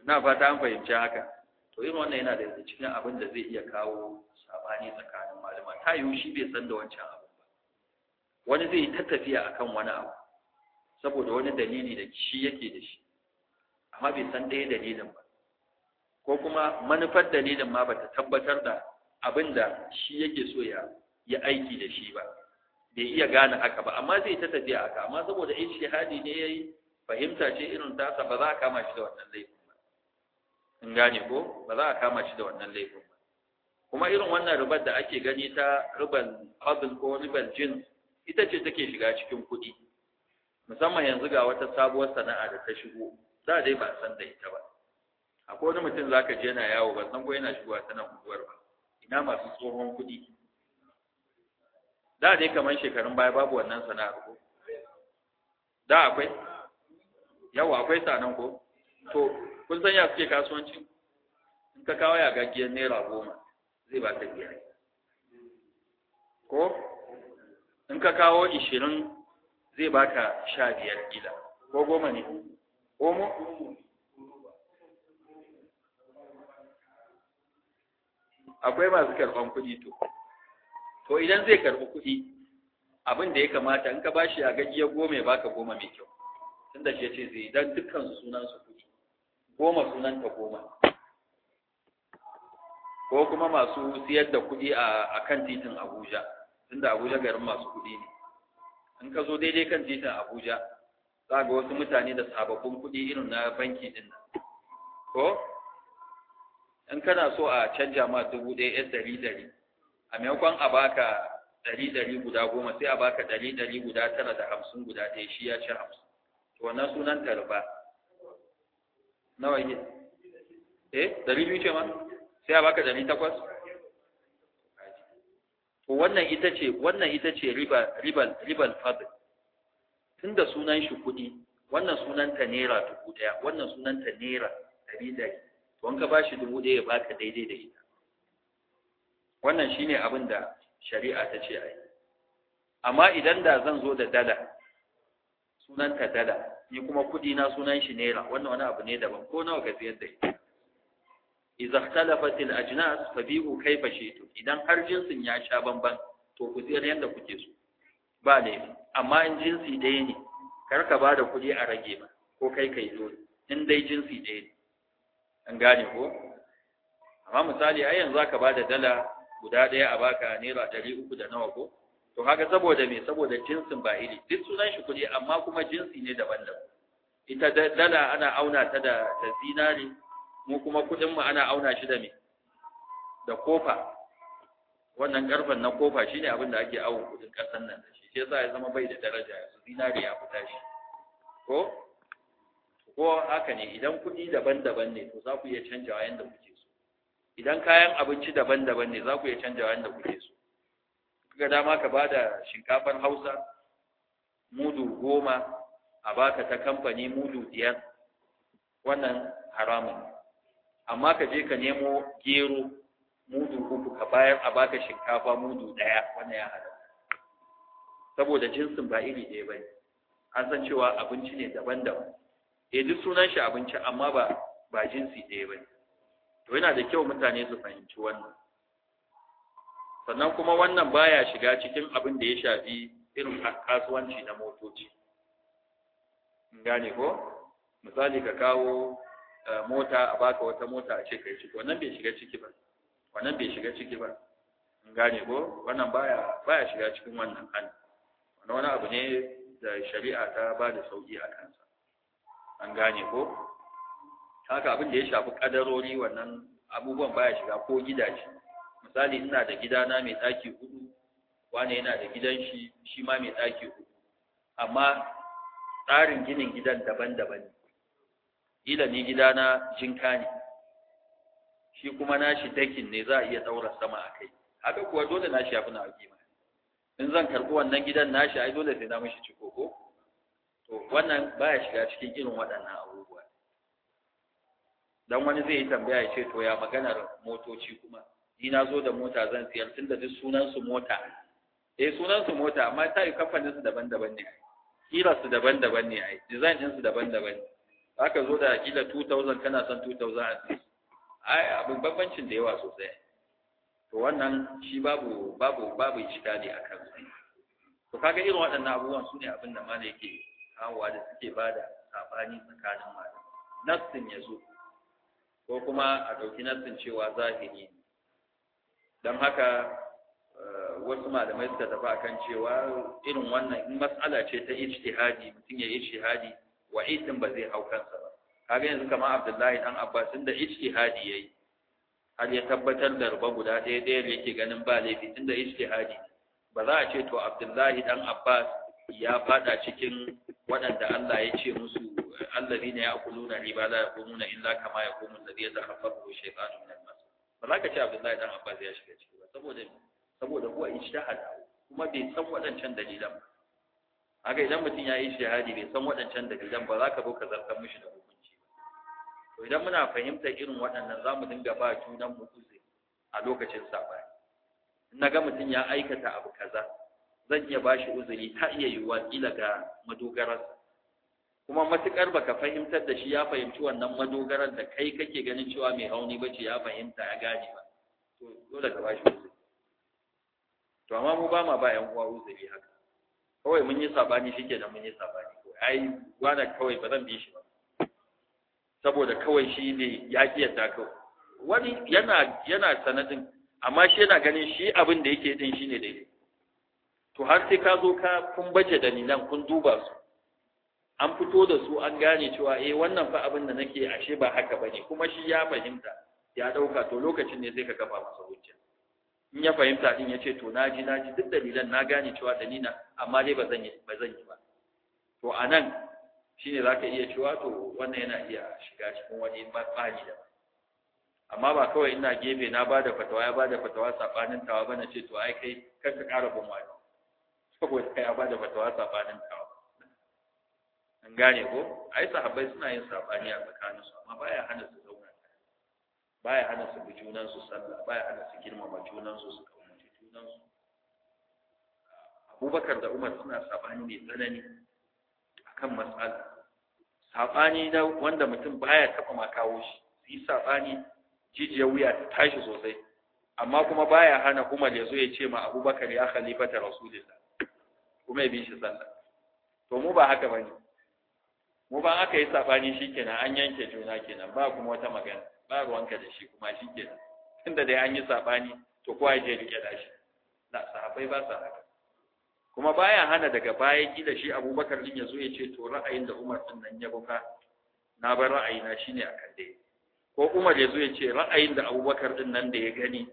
na fata an fahimci haka to yin wannan yana da cikin abin da zai iya kawo sabani tsakanin malama ta yiwu shi bai san da wancan abu ba wani zai yi ta tafiya akan wani abu saboda wani dalili da shi yake da shi amma bai san ɗaya dalilin ba ko kuma manufar dalilin ma bata tabbatar da abin da shi yake so ya ya aiki da shi ba bai iya gane haka ba amma zai ta tafiya haka amma saboda hadi ne yayi fahimta ce irin tasa ba za a kama shi da wannan laifin ba in gane ko ba za a kama shi da wannan laifin ba kuma irin wannan ribar da ake gani ta rubar fadl ko rubar jin ita ce take shiga cikin kuɗi musamman yanzu ga wata sabuwar sana'a da ta shigo da dai ba san da ita ba akwai wani mutum zaka je yana yawo ba san ko yana shigowa ta nan unguwar ba ina masu tsohon kuɗi da dai kamar shekarun baya babu wannan sana'ar ko da akwai yawa akwai sanan ko to kun san ya suke kasuwanci in ka kawo ya giyan naira goma zai ba ta biyar ko in ka kawo ishirin zai baka sha biyar kila ko goma ne omo akwai masu karɓan kuɗi to to idan zai karɓi kuɗi abin da ya kamata in ka bashi a gajiya goma ya baka goma mai kyau tunda shi ce zai dan dukkan su sunan su kuɗi goma sunan ta goma ko kuma masu siyar da kuɗi a kan titin Abuja tunda Abuja garin masu kuɗi ne in ka zo daidai kan titin Abuja za ga wasu mutane da sababbin kuɗi irin na banki din nan ko in kana so a canja ma dubu ɗaya yan ɗari ɗari a maimakon a baka ɗari ɗari guda goma sai a baka ɗari ɗari guda tara da hamsin guda ɗaya shi ya ci hamsin to wannan sunan tarba nawa yi eh ɗari biyu ce ma sai a baka ɗari takwas to wannan ita ce wannan ita ce riba riba riban fadl tunda sunan shi kuɗi wannan sunan ta naira dubu ɗaya wannan sunan ta naira ɗari ɗari wanka ba shi dubu ɗaya ya baka daidai da ita wannan shine abin da shari'a ta ce a yi amma idan da zan zo da dala sunan ta dala ni kuma kuɗi na sunan shi naira wannan wani abu ne daban ko nawa ka siyar da ita idza ikhtalafat al ajnas bi'u kayfa shi'tum idan har jinsin ya sha bamban to ku siyar yanda kuke so ba ne amma in jinsi ɗaya ne kar ka bada kuɗi a rage ba ko kai kai dole in dai jinsi ɗaya ne an gane ko amma misali ai yanzu aka bada dala guda ɗaya a baka naira ɗari uku da nawa ko to haka saboda me saboda jinsin ba iri duk sunan shi kuɗi amma kuma jinsi ne daban-daban ita dala ana auna ta da ta zinari mu kuma kuɗin mu ana auna shi da me da kofa wannan karfen na kofa shine abin da ake awo kuɗin ƙasar nan da shi sai yasa ya zama bai da daraja yanzu zinari ya fita shi ko ko haka ne idan kuɗi daban-daban ne to za ku iya canjawa yadda kuke so idan kayan abinci daban-daban ne za ku iya canjawa yadda kuke so kaga dama ka ba da shinkafar hausa mudu goma a baka ta kamfani mudu biyar wannan haramun amma ka je ka nemo gero mudu uku ka bayar a baka shinkafa mudu ɗaya wannan ya haɗa saboda jinsin ba iri ɗaya ba ne an san cewa abinci ne daban-daban eh duk sunan shi abinci amma ba ba jinsi ɗaya ba to yana da kyau mutane su fahimci wannan sannan kuma wannan baya shiga cikin abin da ya shafi irin kasuwanci na motoci gane ko misali ka kawo eh, mota a baka wata mota a ce kai ciki wannan bai shiga ciki ba wannan bai shiga ciki ba gane ko wannan baya baya shiga cikin wannan hali wannan wani abu ne da shari'a ta ba da sauki a kansa an gane ko haka abin da ya shafi kadarori wannan abubuwan baya shiga ko gidaje misali ina da gidana mai ɗaki hudu wane yana da gidan shi shi ma mai ɗaki hudu amma tsarin ginin gidan daban-daban ne ila ni gidana jinka ne shi kuma nashi dakin ne za a iya ɗaura sama a kai haka kuwa dole nashi ya fi na kima in zan karɓi wannan gidan nashi ai dole sai na mishi ciko ko to wannan baya shiga cikin irin waɗannan abubuwa dan wani zai yi tambaya ya ce to ya maganar motoci kuma ni na zo da mota zan siyar da duk sunan su mota eh sunan su mota amma ta yi kamfanin su daban-daban ne kira su daban-daban ne ai design din su daban-daban ne aka zo da kila 2000 kana son 2000 ai abin bambancin da yawa sosai to wannan shi babu babu babu ne akan su to kaga irin waɗannan abubuwan su ne abin da ma yake kawowa da suke ba da saɓani tsakanin mata nassin ya zo ko kuma a ɗauki nassin cewa zahiri ne don haka eh, wasu malamai suka tafi akan cewa irin wannan in mas'ala ce ta ijtihadi mutum ya ijtihadi wa itin ba zai hau kansa ba kaga yanzu kamar Abdullahi dan Abbas da ijtihadi yayi har ya tabbatar da ruba guda ɗaya ɗaya da yake ganin ba laifi tunda ijtihadi ba za a ce to Abdullahi dan Abba ya fada cikin waɗanda Allah ya ce musu ne ya allazina na riba la yaqumuna illa kama yaqumu alladhi ya shaytanu min al-mas ba za ka ce Abdullahi dan Abbas ya shiga ciki ba saboda saboda huwa ijtihad kuma bai san waɗancan dalilan ba haka idan mutum ya yi shahadi bai san waɗancan dalilan ba za ka zo ka zartar mishi da hukunci ba to idan muna fahimtar irin waɗannan za mu dinga ba junan mu a lokacin sabani in na ga mutum ya aikata abu kaza zan iya ba shi uzuri ta iya yiwuwa kila ga madogararsa kuma matukar baka fahimtar da shi ya fahimci wannan madogarar da kai kake ganin cewa mai rauni ce ya fahimta ya gane ba to dole ka ba shi uzuri to amma mu ba ma ba yan uwa uzuri haka kawai mun yi sabani shi ke da mun yi sabani ko ai wani kawai ba zan bi shi ba saboda kawai shi ne ya yadda kawai wani yana yana sanadin amma shi yana ganin shi abin da yake din shine daidai to har sai ka zo ka kun baje dalilan kun duba su an fito da su an gane cewa eh wannan fa abin da nake ashe ba haka bane kuma shi ya fahimta ya dauka to lokacin ne sai ka kafa masa hujja in ya fahimta din ya ce to naji naji duk dalilan na gane cewa da nina amma dai ba zan yi ba zan yi ba to anan shine zaka iya cewa to wannan yana iya shiga cikin wani matsali da amma ba kawai ina gefe na bada fatawa ya bada fatawa sabanin tawa bane ce to ai kai kar ka ƙara bin wani saboda ya ba da fatawa sabanin ta an gane ko ai sahabbai suna yin sabani a tsakanin su amma baya hana su zauna baya hana su bi junan su sallah baya hana su girmama junan su su kauna junan su Abubakar da Umar suna sabani ne tsanani akan matsala sabani na wanda mutum baya taba ma kawo shi su yi sabani jijiyar wuya ta tashi sosai amma kuma baya hana Umar ya zo ya ce ma Abubakar ya khalifata Rasulullah kuma ya bi shi sallah to mu ba haka bane mu ba aka yi sabani shikenan an yanke juna kenan ba kuma wata magana ba ruwanka da shi kuma shikenan tunda dai an yi sabani to kowa ya je rike da shi da sahabbai ba sa haka kuma baya hana daga baya kila shi Abubakar din yazo ya ce to ra'ayin da Umar din nan ya buka na bar ra'ayina shine akan dai ko Umar yazo ya ce ra'ayin da Abubakar din nan da ya gani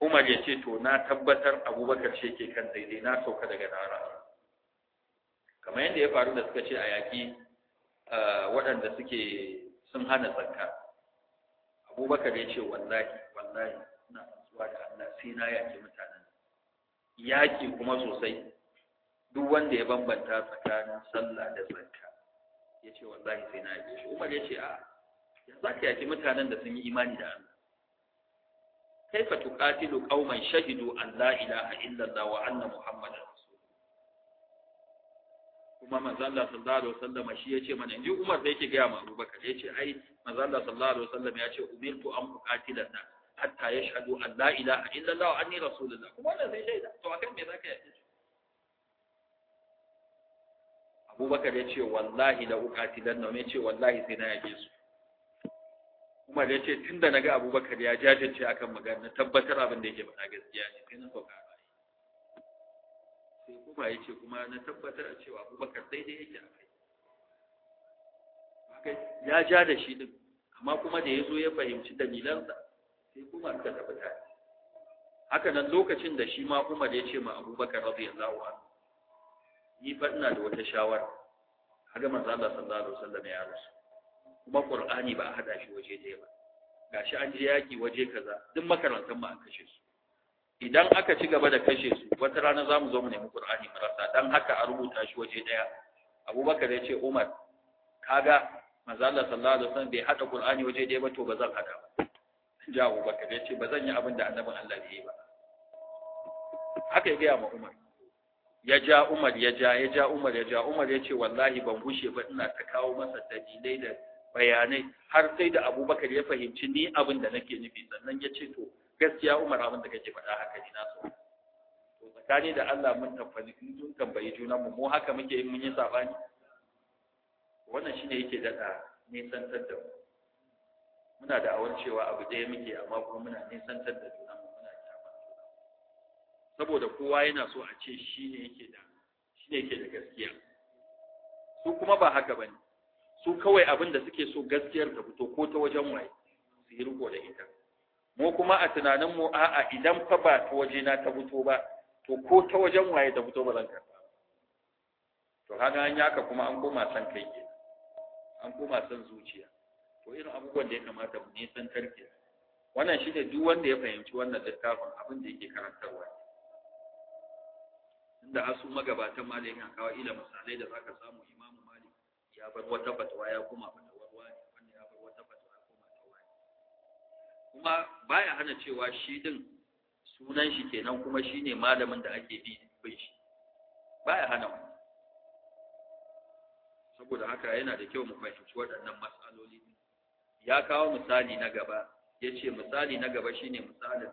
Umar ya ce to na tabbatar Abubakar shi ke kan daidai na sauka daga na ra'ayi kamar yadda ya faru da suka ce a yaƙi waɗanda suke sun hana tsanka. abubakar ya ce wallahi wallahi suna rantsuwa da Allah sai na yaƙi mutanen yaƙi kuma sosai duk wanda ya bambanta tsakanin sallah da tsanka ya ce wallahi sai na yaƙi. shi umar ya ce a ya za ka yaƙi mutanen da sun yi imani da Allah kaifa tuqatilu qauman shahidu an la ilaha illallah wa anna muhammadan kuma manzo Allah sallallahu alaihi wasallam shi yace mana inji Umar sai yake gaya ma Abubakar yace ai manzo Allah sallallahu alaihi wasallam yace umirtu an uqatila nas hatta yashhadu an la ilaha illa Allah wa anni rasulullah kuma wannan sai shaida to akan me zaka yace Abubakar yace wallahi la uqatilan na yace wallahi sai na yake su Umar yace tunda naga Abubakar ya jajirce akan magana tabbatar abin da yake faɗa gaskiya ne sai na sauka sai kuma ya ce kuma na tabbatar a cewa abubakar daidai yake a kai ya ja da shi din amma kuma da ya zo ya fahimci dalilansa sai kuma aka tafi tare haka nan lokacin da shi ma da ya ce ma abubakar radiyallahu anhu ni fa ina da wata shawara haka manzo Allah sallallahu alaihi wasallam ya rasu kuma qur'ani ba a hada shi waje ɗaya ba gashi an je yaki waje kaza duk makarantar ma an kashe su idan aka ci gaba da kashe su wata rana za mu zo mu nemi Qur'ani marasa dan haka a rubuta shi waje daya Abubakar ya ce Umar kaga manzo Allah sallallahu alaihi wasallam bai hada Qur'ani waje daya ba to ba zan hada ba ja Abubakar ya ce ba zan yi abin da annabin Allah bai yi ba haka ya ga ma Umar ya ja Umar ya ja ya ja Umar ya ja Umar ya ce wallahi ban gushe ba ina ta kawo masa dalilai da bayanai har sai da Abubakar ya fahimci ni abin da nake nufi sannan ya ce to gaskiya Umar abin da kake faɗa haka ne na so to tsakani da Allah mun tafani in mun tambayi juna mu mu haka muke yin mun yi sabani wannan shine yake daɗa nisantar da mu muna da awon cewa abu ɗaya muke amma kuma muna nisantar da juna mu muna kyaman juna saboda kowa yana so a ce shine yake da shine yake da gaskiya su kuma ba haka bane su kawai abin da suke so gaskiyar ta fito ko ta wajen waye su yi riko da ita mu kuma a tunanin mu a'a idan fa ba ta waje na ta fito ba to ko ta wajen waye ta fito ba zan karba to kaga an yaka kuma an koma san kai ke an koma san zuciya to irin abubuwan da ya kamata mu nisan tarke wannan shi ne duk wanda ya fahimci wannan littafin abin da yake karantarwa inda asu magabatan malamin kawo ila misalai da zaka samu imamu malik ya bar wata fatwa ya koma kuma baya hana cewa shi din sunan shi kenan kuma shine malamin da ake bi bin shi baya hana wa saboda haka yana da kyau mu fahimci waɗannan matsaloli ya kawo misali na gaba ya ce misali na gaba shine misalin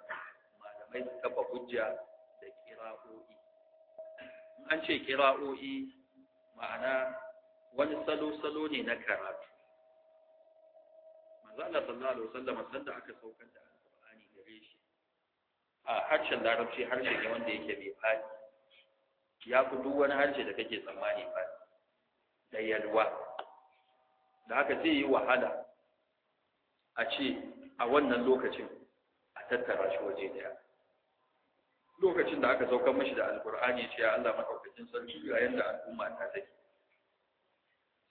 malamai su kafa hujja da kira'o'i an ce kira'o'i ma'ana wani salo-salo ne na karatu Allah sallallahu alaihi sanda aka saukar da alqur'ani gare shi a harshen larabci harshe ne wanda yake mai fadi ya fi duk wani harshe da kake tsammani fadi da yalwa da haka zai yi wahala a ce a wannan lokacin a tattara shi waje daya lokacin da aka saukar mashi da Alƙur'ani ya ce ya Allah madaukakin sarki ga da al'umma ta take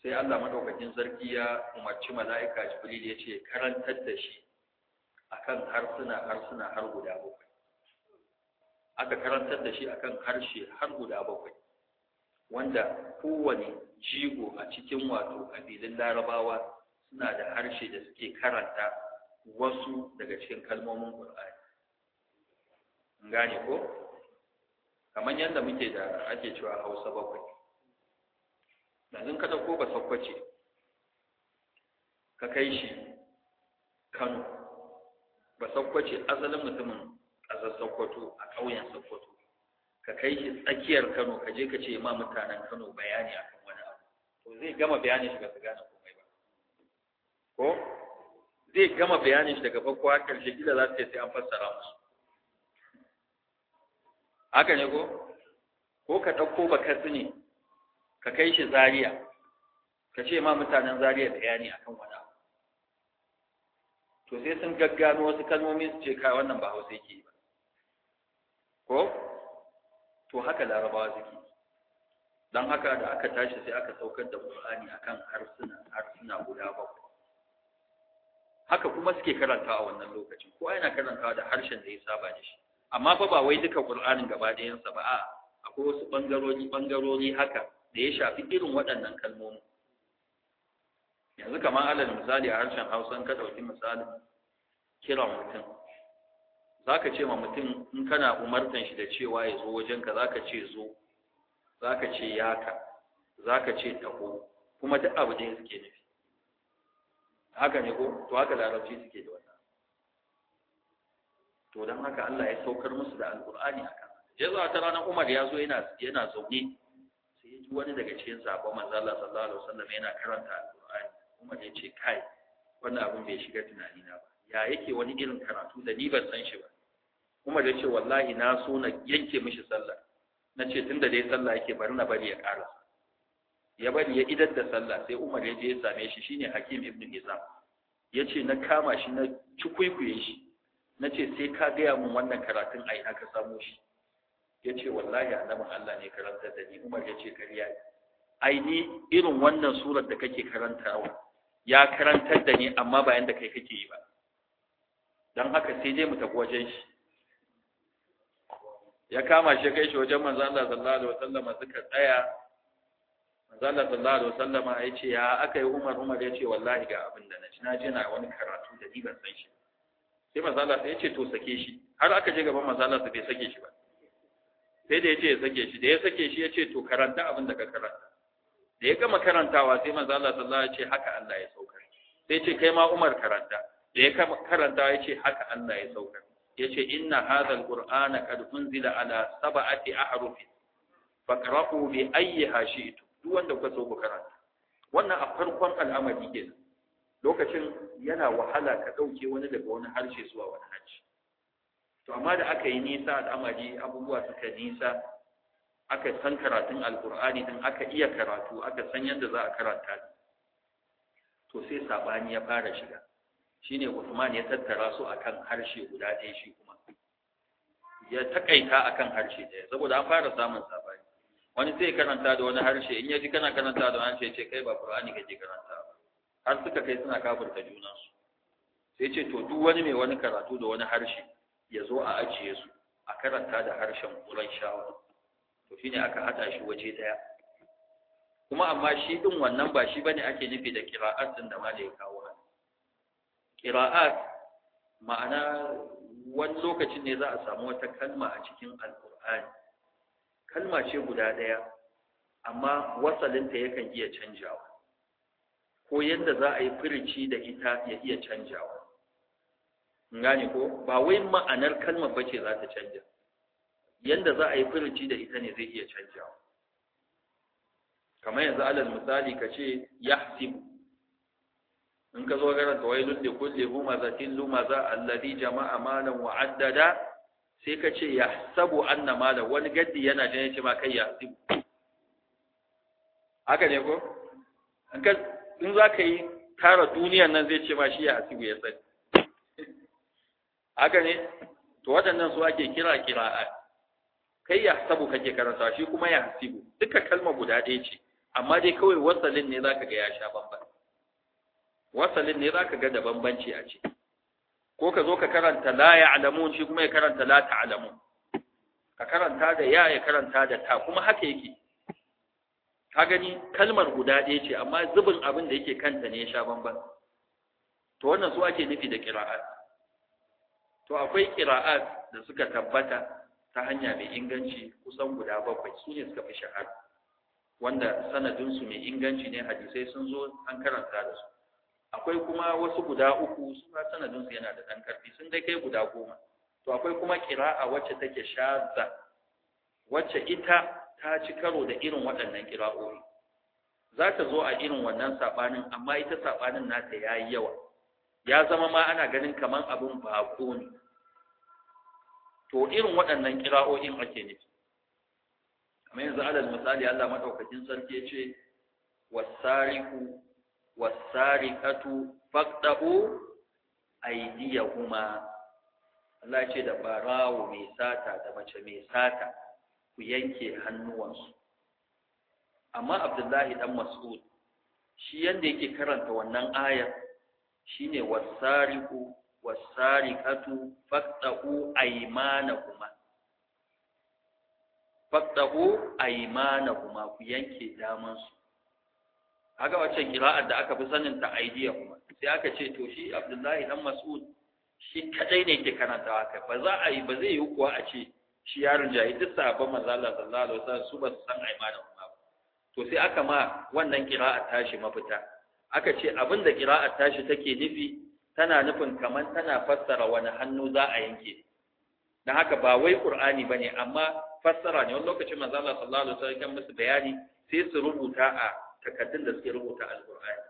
sai Allah madaukakin sarki ya umarci mala'ika Jibril ya ce karantar da shi akan harsuna harsuna har guda bakwai aka karantar da shi akan harshe har guda bakwai wanda kowane jigo a cikin wato kabilun larabawa suna da harshe da suke karanta wasu daga cikin kalmomin Qur'ani gane ko kamar yadda muke da ake cewa Hausa bakwai yanzu ka ɗauko ba sakwace ka kai shi kano ba sakwace asalin mutumin ƙasar sokoto a ƙauyen sokoto ka kai shi tsakiyar kano ka je ka ce ma mutanen kano bayani akan wani abu to zai gama bayanin shi ba su gane komai ba ko zai gama bayanin shi daga farko har karshe gida za su sai an fassara musu haka ne ko ko ka ɗauko ba ka ne ka kai shi Zariya, ka ce ma mutanen Zariya bayani akan wani to sai sun gaggano wasu kalmomi su ce kai wannan ba hausa yake ba ko to haka larabawa suke dan haka da aka tashi sai aka saukar da qur'ani akan harsuna harsuna guda bakwai haka kuma suke karanta a wannan lokacin kowa yana karanta da harshen da ya saba da shi amma fa ba wai duka qur'anin gaba ɗayansa ba a akwai wasu bangarori bangarori haka da ya shafi irin waɗannan kalmomi yanzu kamar alal misali a harshen hausa ka ɗauki misalin kiran mutum za ka ce ma mutum in kana umartan shi da cewa ya zo wajenka za ka ce zo za ka ce yaka za ka ce taho kuma duk abu ɗaya suke nufi haka ne ko to haka larabci suke da wannan to don haka Allah ya saukar musu da alƙur'ani haka ya zo ta ranar Umar ya zo yana yana zaune wani daga cikin sabon manzo sallallahu alaihi wasallam yana karanta alqur'ani kuma ya ce kai wannan abin bai shiga tunani na ba ya yake wani irin karatu da ni ban san shi ba kuma da ce wallahi na so na yanke mishi sallah na ce tunda dai sallah yake bari na bari ya ƙara ya bari ya idar da sallah sai Umar ya je ya same shi shine Hakim ibn Hizam ya ce na kama shi na cikuikuye shi na ce sai ka gaya min wannan karatun a ina ka samo shi ya ce wallahi annabin Allah ne karantar da ni Umar ya ce kariya ai ni irin wannan surar da kake karantawa ya karantar da ni amma ba yanda kai kake yi ba dan haka sai dai mu tafi wajen shi ya kama shi kai shi wajen manzo Allah sallallahu alaihi wasallam suka tsaya manzo Allah sallallahu alaihi wasallam ya ce ya aka yi Umar Umar ya ce wallahi ga abin da na ji na je na wani karatu da ni ban san shi sai manzo Allah ya ce to sake shi har aka je gaban manzo Allah bai sake shi ba sai da ya ce ya sake shi da ya sake shi ya ce to karanta abin da ka karanta da ya gama karantawa sai manzo Allah sallallahu alaihi ya ce haka Allah ya saukar sai ce kai ma Umar karanta da ya karanta ya ce haka Allah ya saukar ya ce inna hadha alqur'ana qad unzila ala sab'ati ahruf faqra'u bi ayyi hashit duk wanda kuka so ku karanta wannan a farkon al'amari kenan lokacin yana wahala ka dauke wani daga wani harshe zuwa wani harshe to amma da aka yi nisa al'amari abubuwa suka nisa aka san karatun alkur'ani din aka iya karatu aka san yadda za a karanta to sai sabani ya fara shiga shine Uthman ya tattara su akan harshe guda ɗaya shi kuma ya takaita akan harshe ɗaya saboda an fara samun sabani wani sai karanta da wani harshe in ya ji kana karanta da wani harshe ce kai ba Qur'ani kake karanta ba har suka kai suna kafirta junansu sai ce to duk wani mai wani karatu da wani harshe ya zo a ajiye su a karanta da harshen shawa. to shi ne aka haɗa shi waje ɗaya kuma amma shi ɗin wannan ba shi bane ake nufi da ƙira'at ɗin da mala kawo nan ƙira'at ma'ana wani lokacin ne za a samu wata kalma a cikin alƙur'ani kalma ce guda ɗaya amma wasalinta yakan iya canjawa ko yadda za a yi firici da ita ya iya canjawa gane ko ba wai ma'anar kalmar ba ce za ta canja yanda za a yi furuci da ita ne zai iya canjawa kamar yanzu alal misali ka ce yahsibu in ka zo karanta wailun za tilu ma za alladhi jama'a malan wa addada sai ka ce ya? yahsabu anna mala wani gaddi yana jin ce ma kai yahsibu haka ne ko in ka in za ka yi tara duniyan nan zai ce ma shi yahsibu ya sani haka ne to waɗannan su ake kira kira'at kai ya sabu kake karanta shi kuma ya hasibu duka kalma guda ɗaya ce amma dai kawai wasalin ne zaka ga ya sha bamban wasalin ne zaka ga da bambanci a ce ko ka zo ka karanta la Alamu, shi kuma ya karanta la Alamu? ka karanta da ya ya karanta da ta kuma haka yake ka gani kalmar guda ɗaya ce amma zubin abin da yake kanta ne ya sha bamban to wannan su ake nufi da kira'a to akwai qira'at da suka tabbata ta hanya mai inganci kusan guda bakwai su ne suka fi shahara wanda sanadinsu mai inganci ne hadisai sun zo an karanta da su akwai kuma wasu guda uku su ma sanadinsu yana da ɗan ƙarfi sun dai kai guda goma to akwai kuma ƙira'a wacce take shaza wacce ita ta ci karo da irin waɗannan ƙira'o'i za ta zo a irin wannan saɓanin amma ita saɓanin nata ya yi yawa ya zama ma ana ganin kaman abin bako ne to irin waɗannan kira'o'in ake ne? kamar yanzu alal misali Allah madaukakin sarki ya ce wasariku wasariqatu faqtahu aydiyahuma Allah ya ce da barawo mai sata da mace mai sata ku yanke hannuwansu amma Abdullahi dan Mas'ud shi yanda yake karanta wannan ayar shine wasariku wasarikatu faqta'u aymanahuma faqta'u aymanahuma ku yanke daman su haka wacce kira'ar da aka fi sanin ta idea kuma sai aka ce to shi Abdullahi dan Mas'ud shi kadai ne ke karantawa kai ba za a yi ba zai yi kuwa a ce shi yaron jahi duk sahaba manzo Allah sallallahu alaihi wasallam su ba su san aymanahuma to sai aka ma wannan kira'ar tashi mafita aka ce abin da ƙira'ar tashi take nufi tana nufin kamar tana fassara wani hannu za a yanke don haka ba wai ƙur'ani ba ne amma fassara ne wani lokacin manzo Allah sallallahu alaihi wasallam kan musu bayani sai su rubuta a takaddun da suke rubuta alƙur'ani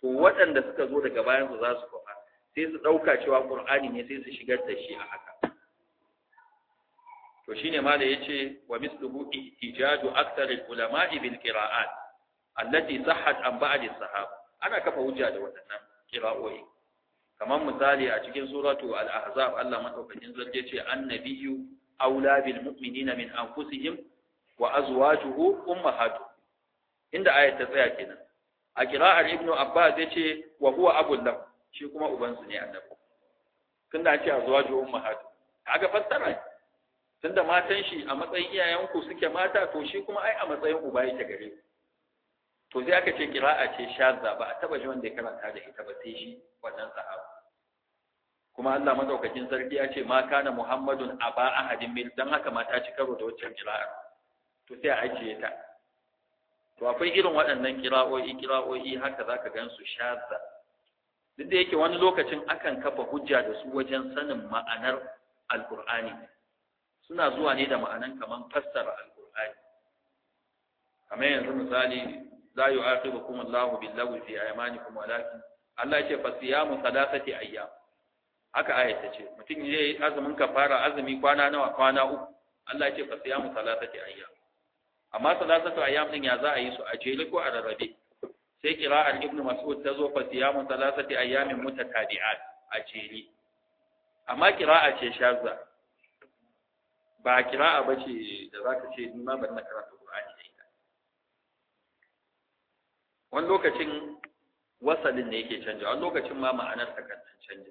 to waɗanda suka zo daga bayan su za su faɗa sai su ɗauka cewa ƙur'ani ne sai su shigar da shi a haka to shine ma da yace wa misluhu ihtijaju aktsar ulama'i bil qira'at allati sahhat an ba'd as-sahaba ana kafa hujja da waɗannan kira'o'i kamar misali a cikin suratu al-ahzab Allah madaukakin zarge ce annabiyyu aula bil mu'minina min anfusihim wa azwajuhu ummahatu inda ayat ta tsaya kenan a kira'ar ibnu abbas yace wa huwa abul lam shi kuma ubansu ne annabi tun da ce azwaju ummahatu kaga fassara tunda matan shi a matsayin iyayenku suke mata to shi kuma ai a matsayin uba yake gare ku to sai aka ce kira'a ce shaza ba a taba ji wanda ya karanta da ita ba sai shi wannan sahaba kuma Allah madaukakin sarki ya ce ma kana Muhammadun aba ahadin min dan haka ma ta ci karo da waccan kira'a to sai a ajiye ta to akwai irin waɗannan kira'o'i kira'o'i haka zaka gansu shaza duk da yake wani lokacin akan kafa hujja da su wajen sanin ma'anar alqur'ani suna zuwa ne da ma'anan kaman fassara alqur'ani kamar yanzu misali la yu'aqibukum Allahu billahu fi aymanikum walakin Allah ce fa siyamu salasati ayyam haka ayat ta ce mutum ya yi azumin kafara azumi kwana nawa kwana uku Allah ce fa siyamu salasati ayyam amma salasatu ayyam din ya za a yi su a jere ko a rarrabe sai qira'ar ibn mas'ud ta zo fa siyamu salasati ayyamin mutatabi'at a jere amma qira'a ce shazza ba ba bace da zaka ce ni ma ban na karatu wani lokacin wasalin ne yake canja wani lokacin ma ma'anar ta kan canja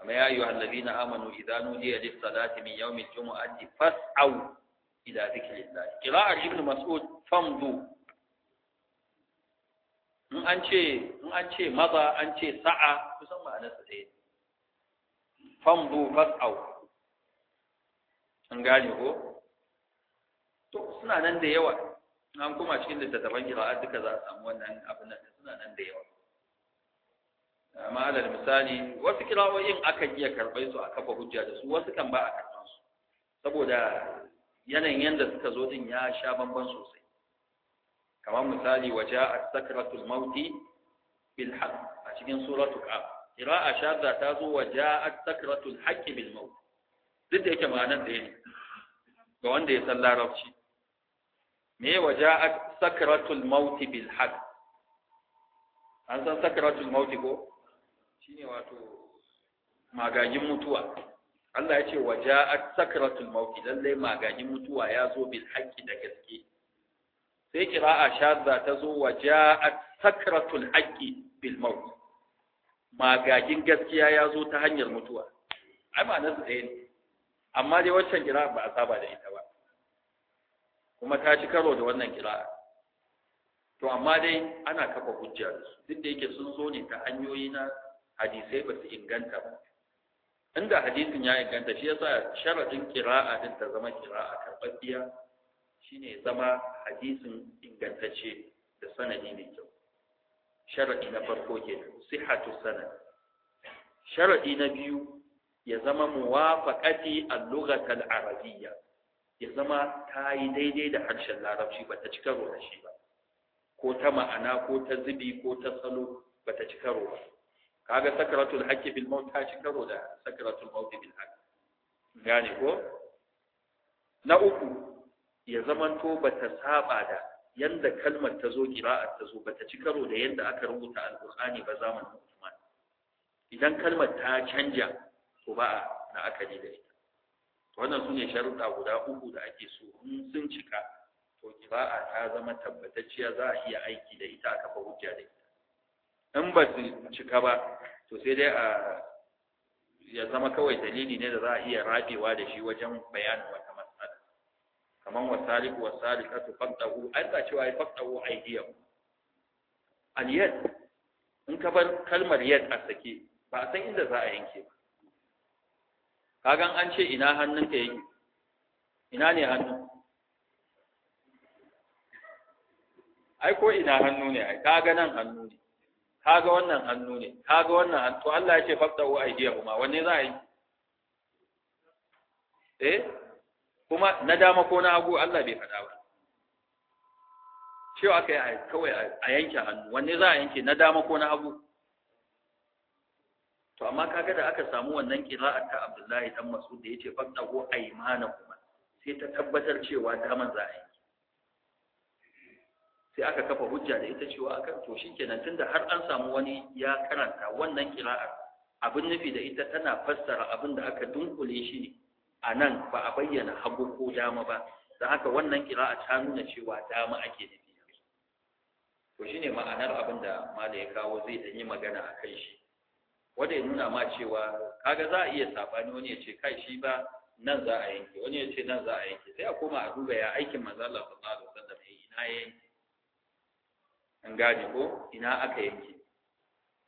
amma ya ayyuhal ladina amanu idza nudiya lis salati min yawmil jumu'ati fas'au ila dhikrillah qira'ar ibn mas'ud famdu in an ce in an ce maza an ce sa'a kusan ma'anar sa dai famdu fas'au an gane ko to suna nan da yawa an kuma cikin littattafan kira'at duka za a samu wannan abin da suna nan da yawa amma alal misali wasu kirawoyin akan iya karɓai su a kafa hujja da su wasu kan ba a karɓar su saboda yanayin yadda suka zo din ya sha bamban sosai kamar misali waje a sakratul mauti bil haq a cikin suratul qaf qira'a shadda ta zo waje a sakratul haqqi bil maut duk da yake ma'anar da ne ga wanda ya san larabci me waja'at sakratul maut bil haqq an san sakratul maut ko shine wato magagin mutuwa Allah ya ce waja'at sakratul maut lalle magagin mutuwa ya zo bil haqqi da gaske sai a shadda ta zo waja'at sakratul haqqi bil maut magagin gaskiya ya zo ta hanyar mutuwa ai ma nan ɗaya ne amma dai waccan kira ba a saba da ita ba kuma ta ci karo da wannan kira'a to amma dai ana kafa hujja da su duk da yake sun zo ne ta hanyoyi na hadisai ba su inganta ba inda hadisin ya inganta shi yasa sharadin kira'a din ta zama kira'a karɓaɓɓiya shine zama hadisin ingantacce da sanadi mai kyau sharadi na farko kenan sihatu sanad sharadi na biyu ya zama muwafaqati al-lughah al-arabiyya ya zama ta yi daidai da harshen larabci ba ta ci karo da shi ba ko ta ma'ana ko ta zubi ko ta salo ba ta ci karo ba kaga sakaratul haqqi bil maut ta ci karo da sakaratul maut bil haqqi gane ko na uku ya zamanto ba ta saba da yanda kalmar ta zo qira'at ta zo ba ta ci karo da yanda aka rubuta alqur'ani ba zamanin Usman idan kalmar ta canja to ba na akali da ita wannan su ne sharuɗa guda uku da ake so in sun cika to kira'a ta zama tabbatacciya za a iya aiki da ita a kafa hujja da ita in ba su cika ba to sai dai a ya zama kawai dalili ne da za a iya rabewa da shi wajen bayanin wata matsala kamar wasalik asu faɗɗahu an ta cewa ai faqdahu aidiyahu al yad in ka bar kalmar yad a sake ba a san inda za a yanke ba kagan an ce ina hannunka yake ina ne hannu ai ko ina hannu ne ai kaga nan hannu ne kaga wannan hannu ne kaga wannan to Allah ya ce faqta'u kuma wanne za a yi eh kuma na dama ko na hagu Allah bai faɗa ba cewa kai kawai a yanke hannu wanne za a yanke na dama ko na hagu to amma kaga da aka samu wannan kira'a ta Abdullahi dan Mas'ud da yace faqahu aymanakum sai ta tabbatar cewa daman za a yi sai aka kafa hujja da ita cewa aka to shikenan tunda har an samu wani ya karanta wannan kira'a abin nufi da ita tana fassara abin da aka dunkule shi a nan ba a bayyana hagu ko dama ba don haka wannan kira'a ta nuna cewa dama ake nufi to shine ma'anar abin da mala ya kawo zai dan magana a kai shi wanda ya nuna ma cewa kaga za a iya sabani wani ya ce kai shi ba nan za a yanke wani ya ce nan za a yanke sai a koma a duba ya aikin manzo Allah sallallahu alaihi wasallam yayi ina yanke an gane ko ina aka yanke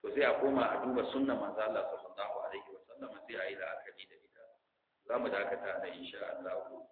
to sai a koma a duba sunnan manzo Allah sallallahu alaihi wasallam sai a yi la'akari da ita za mu dakata da insha Allah